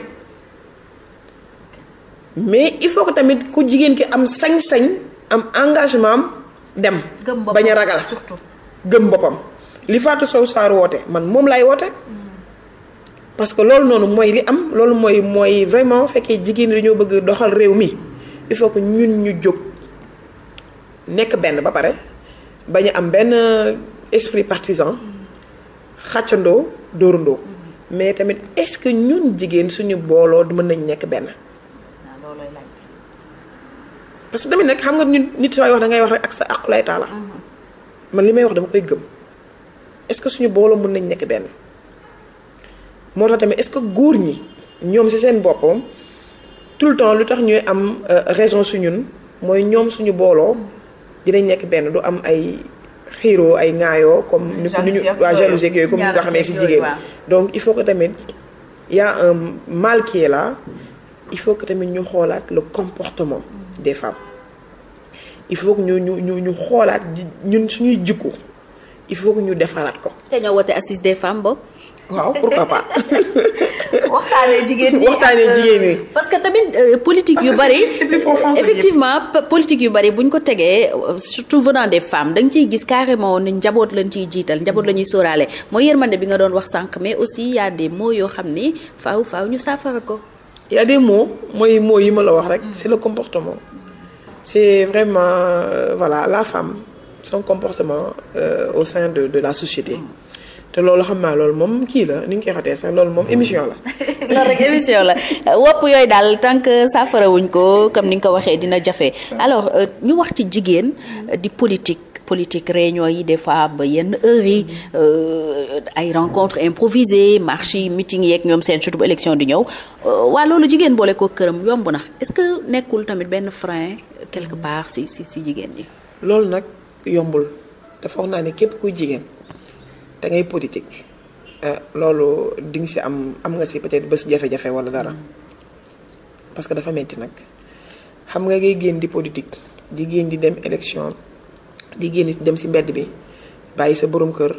il faut tamit ku jigéen ki am sañ-sañ am engagement am dem. bañ a ragal gëm li Fatou Sow Sarr woote moom laay woote. Mm-hmm. parce que loolu noonu mooy li am loolu mooy mooy vraiment fekkee jigéen dañoo bëgg doxal réew mi il faut que ñun ñu jóg nekk benn ba pare bañ am benn esprit partisan xàccandoo dóorandoo mais tamit est-ce que ñun jigéen suñu booloo mën nañ nekk benn. parce que tamit nag xam nga ñun nit sooy wax da ngay wax rek ak sa aqulay taala mm-hmm. man li may wax dama koy gëm est-ce que suñu booloo mën nañu nekk benn. moo tax tamit est-ce que góor ñi ñoom si seen boppam tout le temps lu tax ñuy am euh, raison su ñun mooy ñoom suñu mbooloo dinañ nekk benn du am ay xiiroo ay ŋaayoo comme ni ñu waa jalousie yooyu comme ni nga xamee si jigéen donc il faut que tamit y a la il faut que tamit ñu xoolaat le comportement des femmes il faut que ñu ñu ñu ñu xoolaat ñun suñuy jikko il faut que ñu defaraat ko. te ñoo woote assise des femmes boobu. waaw pour pas. waxtaanee jigéen ñi waxtaanee jigéen ñi. Euh, parce que tamit euh, politique yu bari. effectivement politique yu bari bu ñu ko tegee euh, surtout venant des femmes da nga ciy gis carrément ni njaboot lañ ciy jiital njaboot lañuy ñuy sóoraale mooy yërmande bi nga doon wax sànq mais aussi y a des yoo xam ni faw faaw ñu saafara ko. y a des mooy mots yi ma la wax rek. Mm. c'est la comportement. c'est vraiment voilà la femme son comportement au sein de de la société. Mm. te loolu xam naa loolu moom kii la ni ñu koy xatee sax loolu moom émission la. loolu rek émission la wopp yooyu daal tant que saafara wuñ ko comme ni nga ko waxee dina jafe. alors euh, ñu wax ci jigéen euh, di politique. politique réunion yi des fois ba yenn heures yi euh, ay rencontres improvisées marché yi meeting yeeg ñoom seen surtout bu élection di ñëw waa loolu jigéen boole koo këram yomb na est-ce que nekkul tamit benn frein quelque part si si si jigéen ñi. loolu nag yombul te foog naa képp kuy jigéen. te ngay politique euh, loolu di nga si am am nga si peut-être bés jafe-jafe walla dara mm. parce que dafa metti nag xam nga ngay génn di politique di génn di dem élection di génn dem si mbedd bi bàyyi sa borom kër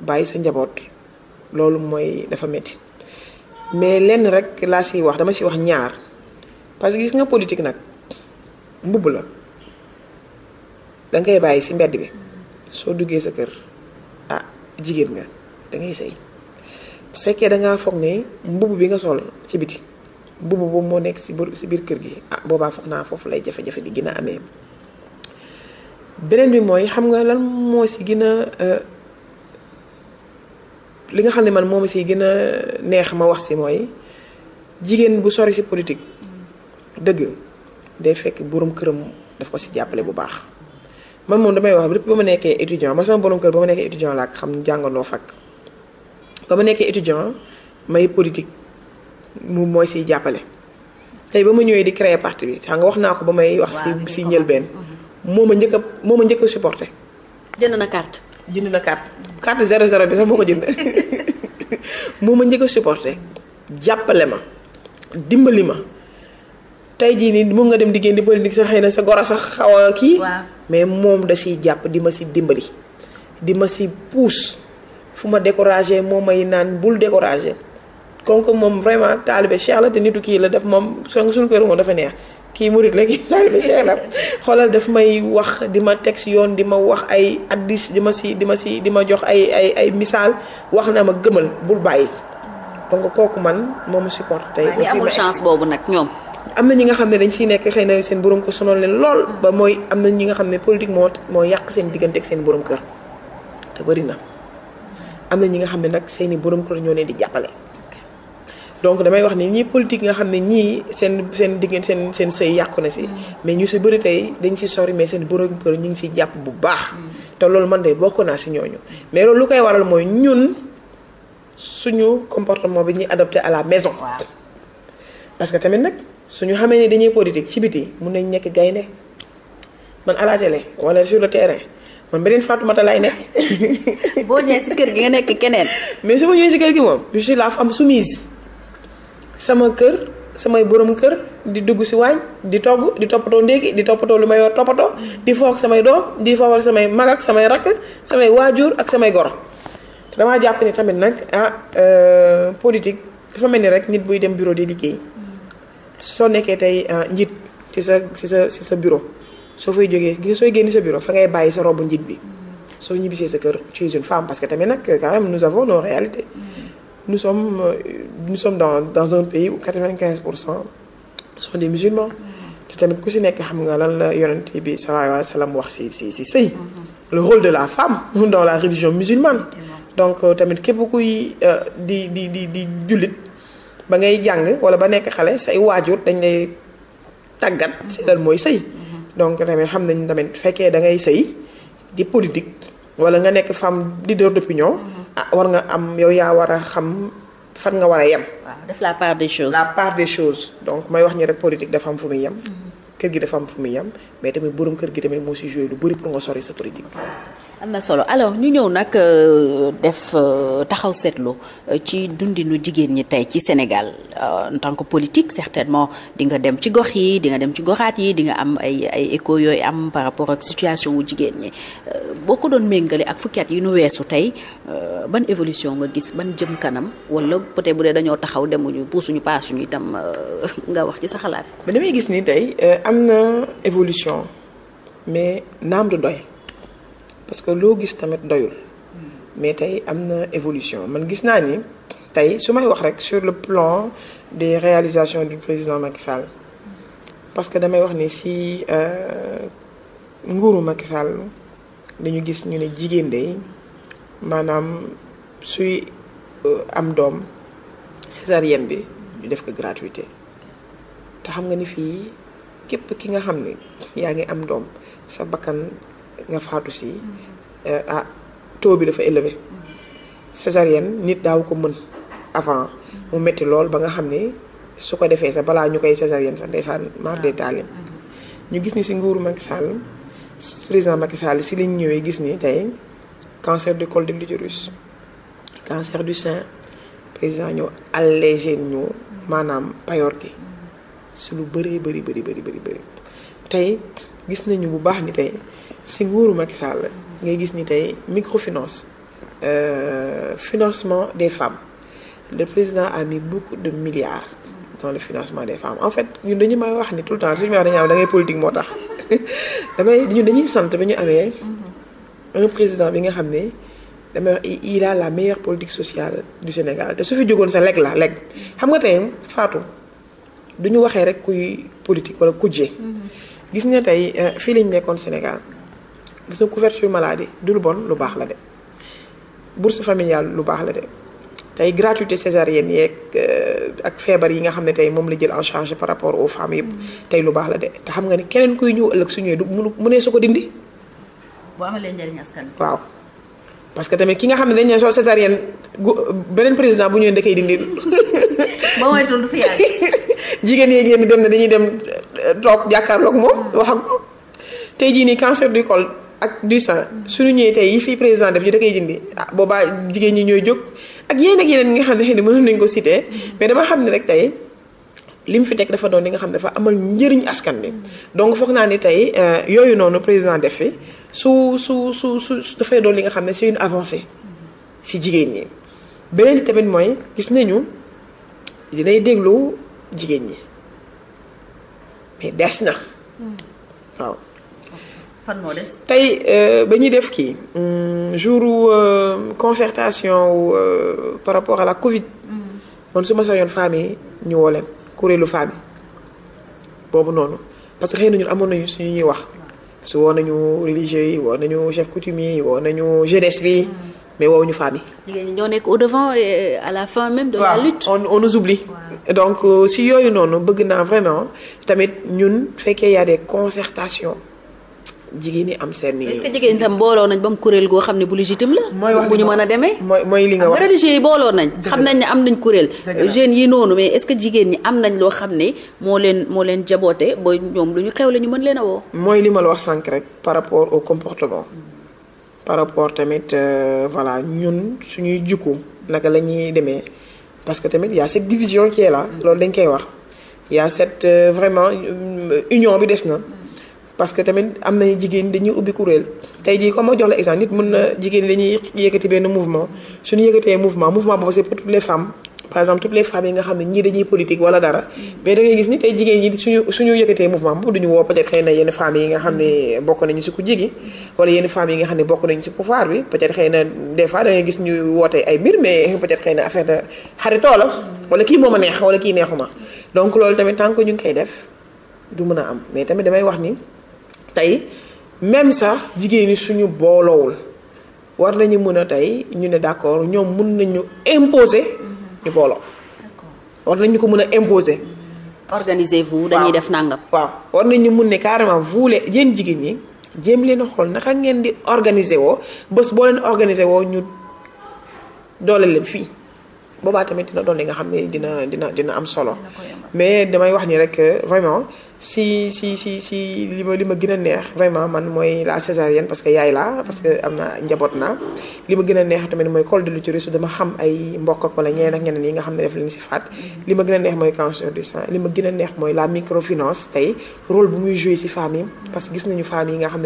bàyyi sa njaboot loolu mooy dafa metti mais lenn rek laa siy wax dama si wax ñaar parce que gis nga politique nag mbubb la dangay bàyyi si mbedd bi mm. soo duggee sa kër. jigéen nga dangay ngay sëy su fekkee da ngaa foog ne mbubb bi nga sol ci biti mbubb boobu moo nekk si si biir kër gi ah boobaa foog naa foofu lay jafe-jafe di gën a amee beneen bi mooy xam nga lan moo si gën a euh, li nga xam ne man moom si gën a neex ma wax si mooy jigéen bu sori si politique dëgg day fekk boroom këram daf ko si jàppale bu baax. man moom damay wax depuis ba ma nekkee étudiant ma sama borom kër ba ma nekkee étudiant laa xam jàngandoo fag ba ma nekkee étudiant may politique moom mooy siy jàppale tey ba ma ñëwee di créer parti bi xam nga wax naa ko ba may wax si si njëlbeen mhm. moo ma njëkk a moo ma njëkk a supporté na carte jënd na carte carte zéro zéro bi sax moo ko jënd moo njëkk a jàppale ma dimbali ma tey jii nii mun nga dem di génn di politique sax xëy na sa goro sax xaw a kii. mais moom da ciy jàpp di ma si dimbali. di ma si puus fu ma découragé moo may naan bul découragé comme que moom vraiment taalibe Cheikh la te nitu kii la daf moom soo suñu kër moom dafa neex. kii murit la kii taalibe Cheikh la xoolal dafa may wax di ma teg si yoon di ma wax ay addis di ma si di ma si di ma jox ay ay ay misaal wax na ma gëmal bul bàyyi mm. donc kooku man moom support tey. amul chance boobu nag ñoom. am na ñi nga xam ne dañ siy nekk xëy na seen borom ko sonal leen lool. ba mm. mooy am na ñi nga xam ne politique moo moo yàq seen diggante ak seen borom kër te bëri na am na ñi nga xam ne nag seen i borom kër ñoo leen di jàppale. donc damay wax ni ñii politique nga xam ne ñii seen seen diggante seen seen sëy yàqu na si. Mm. mais ñu si bëri tey dañ si sori mais seen borom kër ñu ngi siy jàpp bu baax. Mm. te loolu man de bokk naa si ñooñu. mais loolu lu koy waral mooy ñun suñu comportement bi ñuy adopté à la maison. parce que tamit nag. su ñu xamee ni dañuy politique ci biti mun nañ nekk gaynde man à la télé sur le terrain man beneen Fatoumata laay nekk. boo ñëwee si kër gi nga nekk keneen. mais su ma ñëwee si kër gi moom je suis la femme soumise sama kër samay borom kër di dugg si waañ di togg di toppatoo ndéki di toppatoo lu may yor toppatoo di foog samay doom di foowal samay mag ak samay rakk samay waajur ak samay goro te damaa jàpp ni tamit nag ah euh, politique dafa mel ni rek nit buy dem bureau di liggéey. soo nekkee tey euh, njit ci sa ci sa ci sa bureau soo fay jógee gis sooy génn sa bureau fa ngay bàyyi sa robu njiit bi soo ñibbisee sa kër ci es une femme parce que tamit nag quand même nous avons nos réalités nous sommes euh, nous sommes dans dans un pays où pour cent sont te tamit ku si nekk xam nga lan la yonent bi sallallahu alayhi wa sallam wax si si si sëy le rôle de la femme dans la religion musulmane donc euh, tamit képp kuy di di di di jullit ba ngay jàng wala ba nekk xale say waajur dañ lay tàggat si lan mooy sëy donc tamit xam nañ tamit fekkee da ngay sëy di politique wala nga nekk femme leader d'opinion ah war nga am yow yaa war a xam fan nga war a yem. la part des la part donc may wax ni rek politique dafa am fu mu yem. Mhm. kër gi dafa am fu mu yem mais tamit borom kër gi tamit moo si joué lu bëri pour nga sori sa politique. am na solo alors ñu ñëw nag euh, def euh, taxaw seetlu euh, ci dundinu jigéen ñi tey ci Sénégal en tant que politique certainement di nga dem ci gox yi di dem ci goxaat yi di nga am ay ay écho yooyu am par rapport ak situation wu jigéen ñi boo ko doon méngale ak fukki at yi nu weesu tey ban évolution nga gis ban jëm kanam wala peut bu dee dañoo taxaw demuñu puusuñu paasuñu itam nga wax ci sa xalaat. mais damay gis nii tey am na évolution mais naam du doy. parce que loo gis tamit doyul mais tey am na évolution man gis naa ni tey su may wax rek sur le plan des réalisation du président Macky Sall parce que damay wax ni si euh, nguuru Macky Sall dañu gis ñu ne jigéen day maanaam suy euh, am doom césarienne bi ñu def ko gratuité te xam nga ni fii képp ki nga xam ne yaa ngi am doom sa bakkan nga faatu si euh, ah taux bi dafa élevé césarienne nit daaw ko mën avant mu metti lool ba nga xam ni su ko defee sax balaa ñu koy césarienne sax ndeysaan mar de taalim ñu gis ni si nguuru Macky Sall président Macky Sall si liñ ñëwee gis ni tey cancer du col de l'utérus cancer du sein président ñëw allégé ñu maanaam payoor gi su lu bëree bëri bëri bëri bëri bëri tey gis nañu bu baax ni tey si nguuru Macky Sall ngay gis ni tey microfinance euh, financement des femmes le président a mis beaucoup de milliards dans le financement des femmes en fait ñun dañu may wax ni tout le temps suñu wax dañuy ngay politique moo tax damay ñun dañuy sant ba ñu amee un président bi nga xam ne damay wax il a la meilleure politique sociale du Sénégal te su fi jógoon sa lekk la lekk xam nga tey Fatou du ñu waxee rek kuy politique wala kujje mm-hmm. gis nga tey euh, fii lañ nekkoon Sénégal gis nga couverture maladie du lu bon lu baax la de bourse familiale lu baax la de tey gratuité césarienne yeeg euh, ak feebar yi nga xam ne tey moom la jël en charge par rapport au femmes yëpp tey lu baax la de te xam nga ni keneen kuy ñëw ëllëg su ñëwee du mënu mënee su ko dindi. bu amalee njëriñ waaw parce que tamit ki nga xam ne dañ soo césarienne gu beneen président bu ñëwee da koy dindi. ba jigéen yee génn dem ne dañuy dem eh, toog jàkkaarloog moom mm. wax ak moom tey jii nii cancer du col ak du sein suñu ñëwee tey yi fii président def ñu da koy jëndi ah boobaa jigéen ñi ñooy jóg ak yeneen ak yeneen yi nga xam ne xëy na mënoon nañu ko cité mm. mais dama xam ne rek tey li mu fi teg dafa doon li nga xam ne dafa amal njëriñ askan bi mm. donc fook naa ni tey eh, yooyu noonu président def fi su su su su dafay doon li nga xam ne c'est une avancée si jigéen ñi beneen tamit mooy gis nañu dinay déglu. jigéen ñi mais des na. Hmm. waaw. tey euh, ba ñuy def kii hmm, jouru euh, concertation wu euh, par rapport à la Covid. Hmm. man su ma sañoon femmes yi ñu woo leen kuréelu femmes yi boobu noonu parce que xëy na ñun amoon nañu suñu ñuy wax. parce woo nañu religieux yi woo nañu chef coutumier yi woo nañu jeunesse bi. mais woowuñu ñu yi. jigéen ñi ñoo nekk au devant et à la fin même de la lutte on on nous oublie. donc euh, si yooyu noonu bëgg naa vraiment tamit ñun fekkee yaa a des concertations. jigéen ñi am seen. est-ce que jigéen nañ ba mu kuréel goo xam ne bu légitime la. mooy bu ñu mën a demee. mooy li nga yi booloo nañ. xam nañ ne am nañ kuréel. jeunes yi noonu mais est-ce que jigéen ñi am nañ loo xam ne moo leen moo leen jaboote ba ñoom lu ñu xew la ñu mën leen a woo. mooy li ma la wax sànq rek par rapport au comportement. par rapport tamit euh, voilà ñun suñuy jikko naka la ñuy demee parce que tamit y a cette division qui la loolu dañ koy wax y a cette euh, vraiment euh, union bi des na parce que tamit am na jigéen dañuy ubbi kuréel tey jii comme ma jox la exemple nit mën na jigéen dañuy yëkkati benn mouvement suñu yëkkatee mouvement mouvement boobu c'est pour toutes les femmes par exemple toutes les femmes yi nga xam ne ñii dañuy politique wala dara mais da ngay gis ni tey jigéen ñi suñu suñu yëkkatee mouvement boobu duñu woo peut-être xëy na yenn femmes yi nga xam ne bokk nañu si ku jigi wala yenn femmes yi nga xam ne bokk nañu si pouvoir bi peut-être xëy na des fois da ngay gis ñu woote ay mbir mais peut-être xëy na affaire de xaritoo la wala kii moom a neex wala kii neexuma donc loolu tamit tant que ñu ngi koy def du mën a am mais tamit damay wax ni tey même sax jigéen ñi suñu booloowul war nañu mën a tey ñu ne d'accord ñoom mën nañu imposer ñu booloo. war nañ ñu ko mën a imposer. organisez-vous dañuy def nangam. waaw war nañ mun ne carrément vous les yéen jigéen ñi jéem leen a xool naka ngeen di organiser woo bës boo leen organiser woo ñu doole leen fii. boobaa tamit dina doon li nga xam ne dina dina dina am solo. mais damay wax ni rek euh, vraiment. si si si si li ma li ma gën a neex vraiment man mooy la césarienne parce que yaay laa parce que am na njaboot naa li ma gën a neex tamit mooy col de l'utérus dama xam ay mbokk ak wala ñeneen ak ñeneen yi nga xam ne def mm-hmm. a neex mooy cancer du sein li ma gën a neex mooy la microfinance tey rôle bu muy joué si ne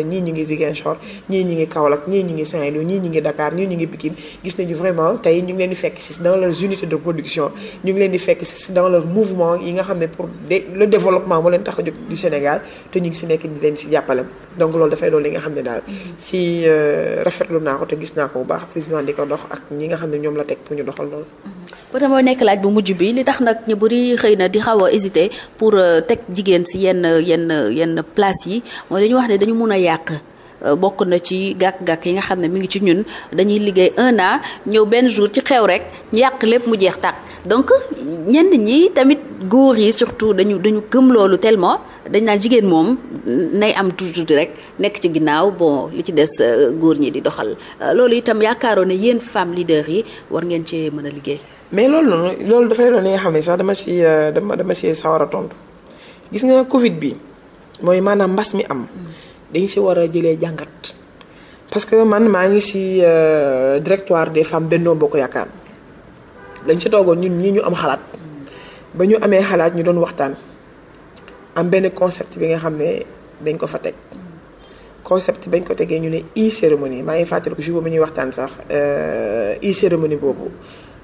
ñii ñu ngi Ziguinchor ñii ñu ngi Kaolack ñii ñu ngi ngi Dakar ñii ñu ngi Pikine gis nañu vraiment tey ñu ngi leen di fekk si dans leurs unités de production ñu ngi leen di fekk si dans leur mouvement du Sénégal te ñu ngi si nekk di leen si jàppale donc loolu dafay doon li nga xam ne daal si euh, rafetlu naa ko te gis naa ko bu baax président di ko dox ak ñi nga xam ne ñoom la teg pour ñu doxal loolu. peut-être mooy nekk laaj bu mujj bi li tax nag ñu bari xëy na di xaw a hésité pour euh, teg jigéen si yenn yenn yenn place yi mooy dañu wax ne dañu mun a yàq. Euh, bokk na ci gàkk-gàkk yi nga xam ne mi ngi ci ñun dañuy liggéey un an ñëw benn jour ci xew rek ñu yàq lépp mu jeex tàkk donc ñenn ñi tamit góor yi surtout dañu dañu gëm loolu tellement dañ naan jigéen moom nay am toujours rek nekk ci ginnaaw bon li ci des euh, góor ñi di doxal euh, loolu itam yaakaaroon ne yéen femme leader yi war ngeen ci mën a liggéey. mais loolu noonu loolu dafay doon li nga xam ne sax dama si dama dama si sawar a tontu gis nga Covid bi mooy maanaam mbas mi am. Mm. dañ si war a jëlee jàngat parce que man maa ngi si euh, directoire des femmes Benno Bokk Yaakaar dañ si toogoon ñun ñii ñu am xalaat ba ñu amee xalaat ñu doon waxtaan am benn concept bi nga xam ne dañ ko fa teg concept bañ ko tegee ñu ne e-cérémonie maa ngi fàttaliku jour boobu ñuy waxtaan sax euh, e-cérémonie boobu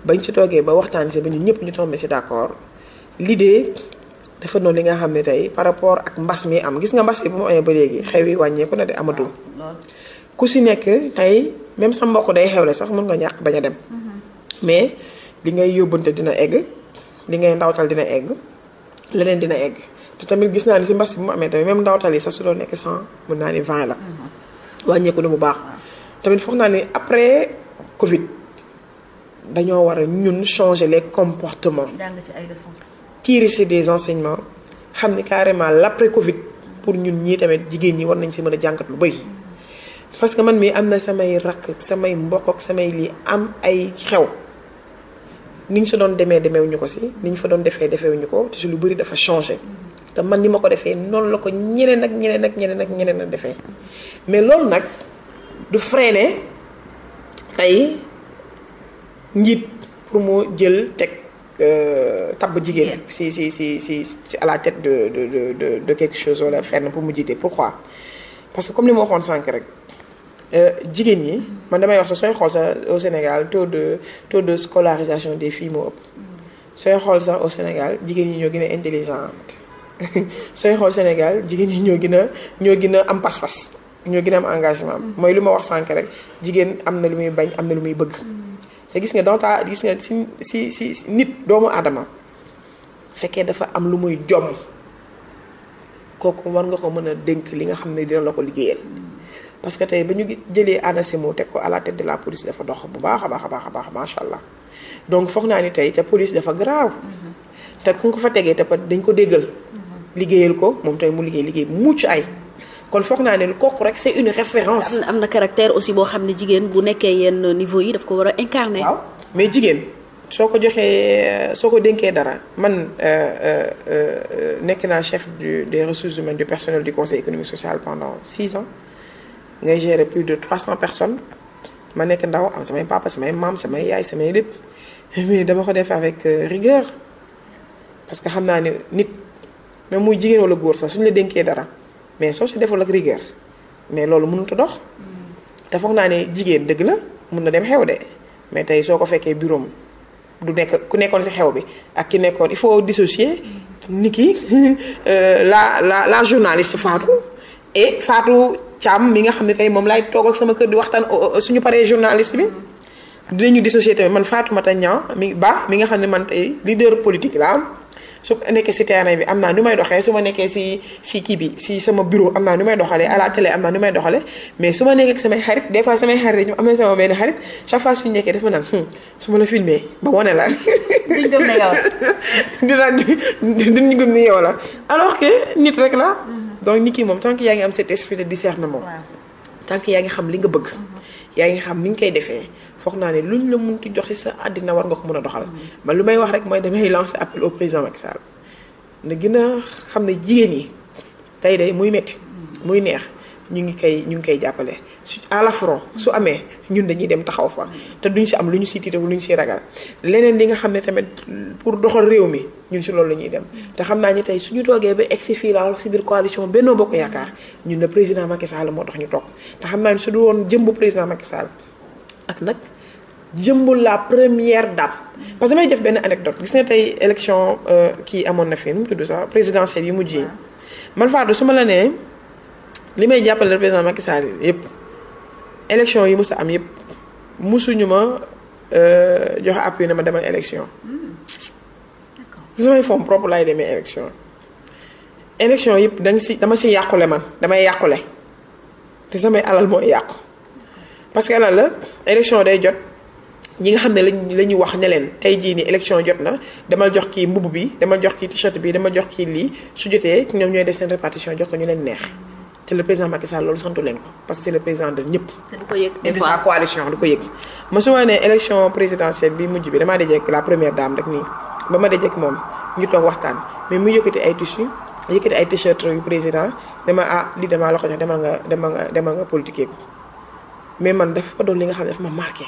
bañ si toogee ba waxtaan si ba ñun ñëpp ñu tombé si d'accord l'idée noonu li nga xam ne tey par rapport ak mbas mi am gis nga mbas yi bu mu amee ba léegi xew yi wàññeeku na de amatul. Ah, ku si nekk tey même sa mbokk day xewle sax mun nga ñàkk bañ a dem. Mm-hmm. mais li ngay yóbbante dina egg li ngay ndawtal dina egg leneen dina egg te tamit gis naa ni si mbas bi mu amee tamit même ndawtal yi sax su doon nekk cent mun naa ni vingt la. Mm-hmm. wàññeeku na bu baax. Ah. tamit foog naa ni après Covid dañoo war a ñun changer les comportements. jàng ci ay leçons. tirer ci des enseignements xam ni carrément l'après Covid pour ñun ñii tamit jigéen ñi war nañ si mën a jàngat lu bëri. parce que man mii am na samay rakk samay mbokk ak samay lii am ay xew ni ñu si doon demee demeewuñu ko si ni ñu fa doon defee defeewuñu ko te si lu bari dafa changé te man ni ma ko defee noonu la ko ñeneen ak ñeneen ak ñeneen ak ñeneen a defee mais loolu nag du freiné tey njiit pour mu jël teg. Euh, tabb jigéen si si si si si à la tête de de de de quelque chose wala fenn pour mu jiite pourquoi parce que comme li ma waxoon sànq rek euh, jigéen ñi man damay wax sax sooy xool sax au Sénégal taux de taux de scolarisation des filles moo ëpp sooy xool sax au Sénégal jigéen ñi ñoo gën a intelligente sooy xool Sénégal jigéen ñi ñoo gën a ñoo gën a am pas-pas ñoo gën a am engagement mm. mooy lu ma wax sànq rek jigéen am na lu muy bañ am na lu muy bëgg mm. te gis nga dans ta gis nga si si si nit doomu aadama fekkee dafa am lu muy jom kooku war nga ko mën a dënk li nga xam ne dina la ko liggéeyal parce que tey ba ñu jëlee ANACIM teg ko à la tête la police dafa dox bu baax a baax a baax a baax macha allah donc foog naa ni tey te police dafa garaaw. Mm-hmm. te ku ko fa tegee te dañ ko déggal. Mm-hmm. liggéeyal ko moom tey mu liggéey liggéey bu mucc ay. kon foog naa ne kooku rek c'est une référence. am na am aussi boo xam ne jigéen bu nekkee yenn niveau yi daf ko war a incarner. waaw mais jigéen soo ko joxee soo ko dénkee dara man euh, euh, euh, nekk naa chef du des ressources humaines du personnel du conseil économique social pendant six ans ngay gérer plus de trois cents personnes ma nekk ndaw am samay papa samay maam samay yaay samay lépp dama ko def avec rigueur parce que xam naa ne nit même muy jigéen wala góor sax suñu la dénkee dara. mais soo si deful ak rigueur mais loolu mënut a dox. Mm. te foog naa ne jigéen dëgg la mun na dem xew de mais tey soo ko fekkee bureau du nekk ku nekkoon si xew bi ak ki nekkoon il faut dissocier mm. ni ki euh, la la la journaliste Fatou et Fatou Thiam mi nga xam ne tey moom laay toogal sama kër di waxtaan euh, euh, suñu paree journaliste bi. Mm. dinañu dissocier tamit man Fatou Mata Niang mi baax mi nga xam ne man tey leader politique laa am. su nekkee si terrain bi am naa nu may doxee su ma nekkee si si kii bi si sama bureau am naa nu may doxalee à la télé am naa nu may doxale mais su ma nekkee samay xarit des fois samay xarit ñu am na sama benn xarit chaque fois suñu nekkee dafa naan hmm, su ma la filmé ba wane la. duñ gëm ne yow la. yow la alors que nit rek la. Mhm. donc nit kii moom tant yaa ngi am cet esprit de na tant que yaa ngi xam li nga bëgg. Mhm. yaa ngi xam ni nga koy defee. foog naa ne luñ la munti jox ci sa àddina war nga ko mën a doxal. man lu may wax rek mooy damay lancé appel au président Macky Sall na gën a xam ne jigéen yi tey day muy metti muy neex ñu ngi koy ñu ngi koy jàppale su su amee ñun dañuy dem taxaw te duñ si am lu ñu si tiitaw lu ñu si ragal leneen li nga xam ne tamit pour doxal réew mi ñun si loolu la ñuy dem te xam naa ni tey suñu toogee ba egsi fii laa si biir coalition Benno Bokk Yaakaar ñun le président Macky Sall moo tax ñu toog te xam naa ni su du woon jëmbu président Macky Sall ak nag jëmbul la première dame parce que may def benn anecdote gis nga tey élection euh, kii amoon na fi nu mu tudd sax présidentielle yi mu yi man Fadou su ma la nee li may jàppale président Macky Sall yëpp yi mu a am yëpp musuñu ma euh, joxe appui na ma demal élection. Hmm. samay fonds propre laay demee élection élection yëpp da nga si dama si yàqule man damay yàqule te samay alal mooy yàqu parce que alal la élection day jot. ñi nga xam ne lañ la ñuy wax ne leen tey jii ni élection jot na demal jox kii mbubb bi demal jox kii t-shirt bi demal jox kii lii su jotee ñoom ñooy def seen répartition jox ko ñu leen neex te le président Macky Sall loolu santu leen ko parce que le président de ñëpp. te du ko yëg du ko yëg. mosuma ne élection présidentielle bi mujj bi damaa dajeek la première dame rek nii ba ma dajeek moom ñu toog waxtaan mais mu yëkkati ay tissus yëkkati ay t-shirt yu président dama ah lii damaa la demal nga demal nga demal nga politiquer ko mais man dafa doon li nga xam ne dafa ma marqué.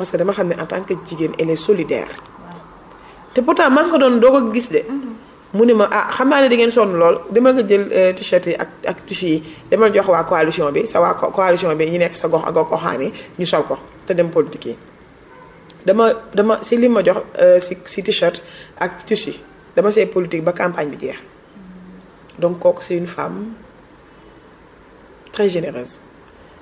parce que dama xam ne en tant que jigéen elle solidaire. te pourtant maa ngi ko doon doo ko gis de. mu ne ma ah xam ne dangeen sonn lool demal nga jël euh, t-shirt yi ak ak tissu yi demal jox waa coalition bi sa waa coalition bi ñu nekk sa gox ak goxaan ñu sol ko te dem politique yi. dama dama si li ma jox euh, si si t-shirt ak tissu dama see politique ba campagne bi jeex donc kooku c'est une femme très généreuse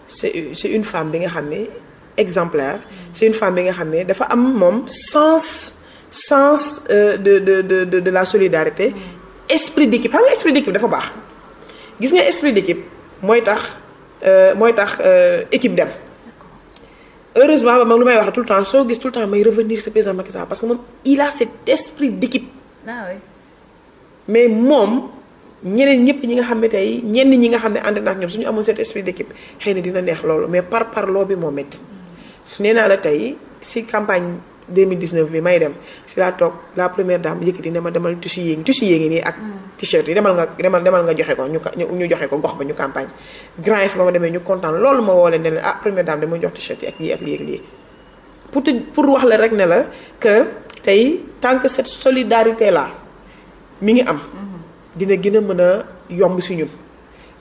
c'est c'est une femme bi nga xam ne. exemplaire c'est une femme bi nga xam ne dafa am moom sens sens euh, de de de de de la solidarité esprit d'équipe xam nga esprit d'équipe dafa baax gis nga esprit d'équipe mooy tax euh, mooy tax euh, équipe dem heureusement ba moom lu may wax tout le temps soo gis tout le temps may revenir sur président Macky Sall parce que moom il a cet esprit d'équipe ah mais moom ñeneen ñëpp ñi nga xam ne tey ñenn ñi nga xam ne ànd na ak ñoom suñu amoon cet esprit d'équipe xëy na dina neex loolu mais par par parloo bi moo métti nee naa la tey si campagne 2019 bi may dem si laa toog la première dame yëkkati dina ma demal tissu yéegi tissu yéegi nii ak mm. t-shirt yi demal nga demal demal nga joxe ko ñu joxe ko gox ba ñu campagne grand yi ba ma demee ñu kontaan loolu ma woo leen ne leen ah première dame dama jox t-shirt yi ak lii ak lii pour te pour wax la rek ne la que tey tant que cette solidarité la mi ngi am mm-hmm. dina gën a mën a yomb si ñun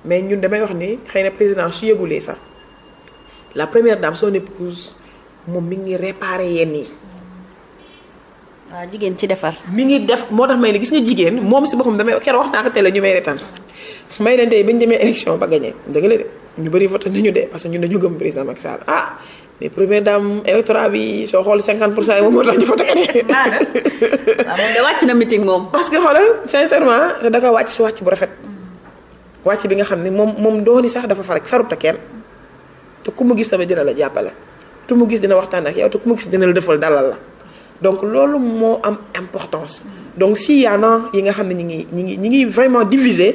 mais ñun damay wax ni xëy na président su yëgulee sax la première dame son épouse moom mi ngi réparé yenn yi. waaw ah, jigéen ci defar. mi ngi def moo tax may ne gis nga jigéen moom si boppam damay keroog wax naa ko télé ñu may retaan may leen tey ba ñu demee élection ba gagné dëgg la de ñu bëri voté nañu de parce que ñun dañu gëm président Macky Sall ah mais première dame soo xool 50 pour cent moom moo tax ñu wàcc na meeting moom. parce que xoolal sincèrement da ko wàcc si wàcc bu rafet. Mm. wàcc bi nga xam ne moom moom dooni sax dafa far farut a kenn. te ku mu gis tamit dina la jàppale te mu gis dina waxtaan ak yow te ku mu gis dina la defal dalal la donc loolu moo am importance donc si yaana yi nga xam ne ñi ngi ñi ngi ñi ngi vraiment divisé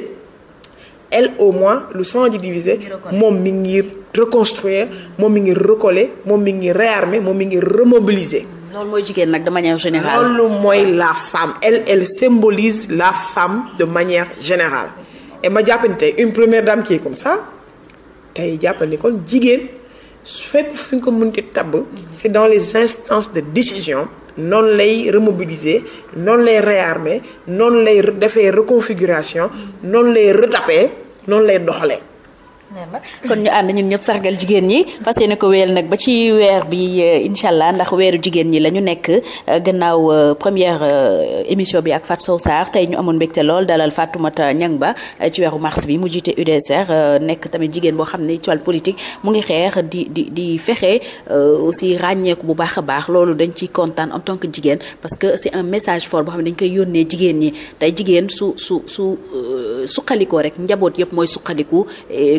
el au moins lu sang di divisé moom mi ngi reconstruire moom mi ngi recoller moom mi ngi réarmer moom mi ngi remobiliser loolu mooy jigéen nag de manière mooy la femme elle elle symbolise la femme de manière générale et ma jàppante une première dame qui est comme ça tey jàppal ni kon jigéen fépp fi nga ko mënti tabb c'est dans les instances de décision noonu lay remobiliser noonu lay réarmer noonu lay defee reconfiguration noonu lay retaper noonu lay doxalee kon ñu ànd ñu ñëpp sargal jigéen ñi fas yéene ko wéyal nag ba ci weer bi euh, incha allah ndax weeru jigéen ñi la ñu nekk euh, gannaaw euh, première émission bi ak fat Sow Sarr tey ñu amoon mbégte lool dalal Fatoumata Niang Ba ci weeru mars bi mu jiite UDSR nekk tamit jigéen boo xam ne ci wàllu politique mu ngi xeex di di di fexe aussi ràññeeku bu baax a baax loolu dañ ciy kontaan en tant que jigéen parce que c'est un message fort boo xam ne dañ koy yónnee jigéen ñi tey jigéen su su su suqalikoo rek njaboot yëpp mooy suqaliku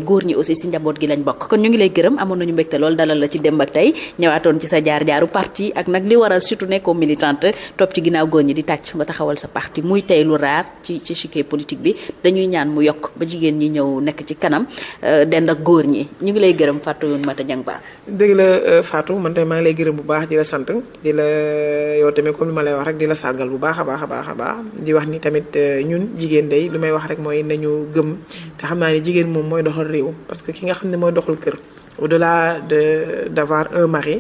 góor góor ñi aussi si njaboot gi lañ bokk kon ñu ngi lay gërëm amoon nañu mbégte lool dalal la ci démb ak tey ñëwaatoon ci sa jaar-jaaru parti ak nag li waral surtout nekkoo militante topp ci ginnaaw góor ñi di tàcc nga taxawal sa parti muy tey lu raar ci ci chiquet politique bi dañuy ñaan mu yokk ba jigéen ñi ñëw nekk ci kanam euh, dend ak góor ñi ñu ngi lay gërëm Fatou yoon Mata Dieng Ba dëgg la euh, Fatou man tamit maa ngi lay gërëm bu baax di la sant di la yow tamit comme li ma lay wax rek di la sargal bu baax a baax a baax a baax di wax ni tamit euh, ñun jigéen day lu may wax rek mooy nañu gëm te xam naa ne jigéen moom mooy doxal réew parce que ki nga xam ne mooy doxal kër au-delà de d'avoir un mari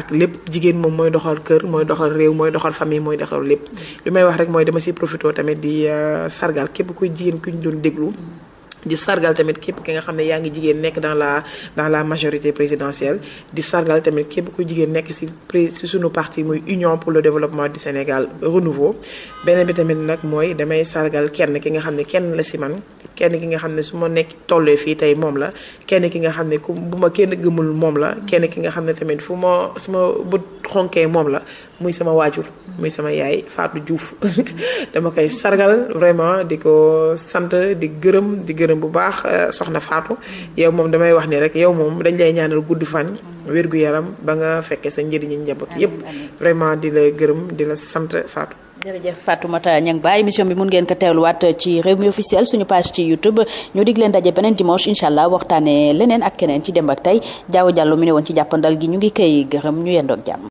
ak lépp jigéen moom mooy doxal kër mooy doxal réew mooy doxal famille mooy doxal lépp lu may wax rek mooy dama si profité tamit di euh, sargal képp kuy jigéen ku ñu doon déglu di sargal tamit képp ki nga xam ne yaa ngi jigéen nekk dans la dans la majorité présidentielle di sargal tamit képp ku jigéen nekk ci pré ci suñu parti muy union pour le développement du Sénégal renouveau beneen bi tamit nag mooy damay sargal kenn ki nga xam ne kenn la ci man kenn ki nga xam ne su ma nekk tollee fii tey moom la kenn ki nga xam ne ku bu ma kenn gëmul moom la kenn ki nga xam ne tamit fu ma su ma bët xonkee moom la muy sama waajur muy sama yaay Fatou Diouf dama koy sargal vraiment di ko sant di gërëm di gërëm bu baax euh, soxna Fatou yow moom damay wax ni rek yow moom dañ lay ñaanal gudd fan wérgu yaram ba nga fekkee sa njëriñu njaboot yépp vraiment di la gërëm di la sant Fatou jërëjëf Fatoumata Niang Ba émission bi mun ngeen ko teewluwaat ci réew mi officiel suñu page ci youtube ñu dig leen daje beneen dimanche incha allah waxtaane leneen ak keneen ci dem ak tey jaaw jàllu mi ne woon ci jàppandal gi ñu ngi koy gërëm ñu yendoog jàmm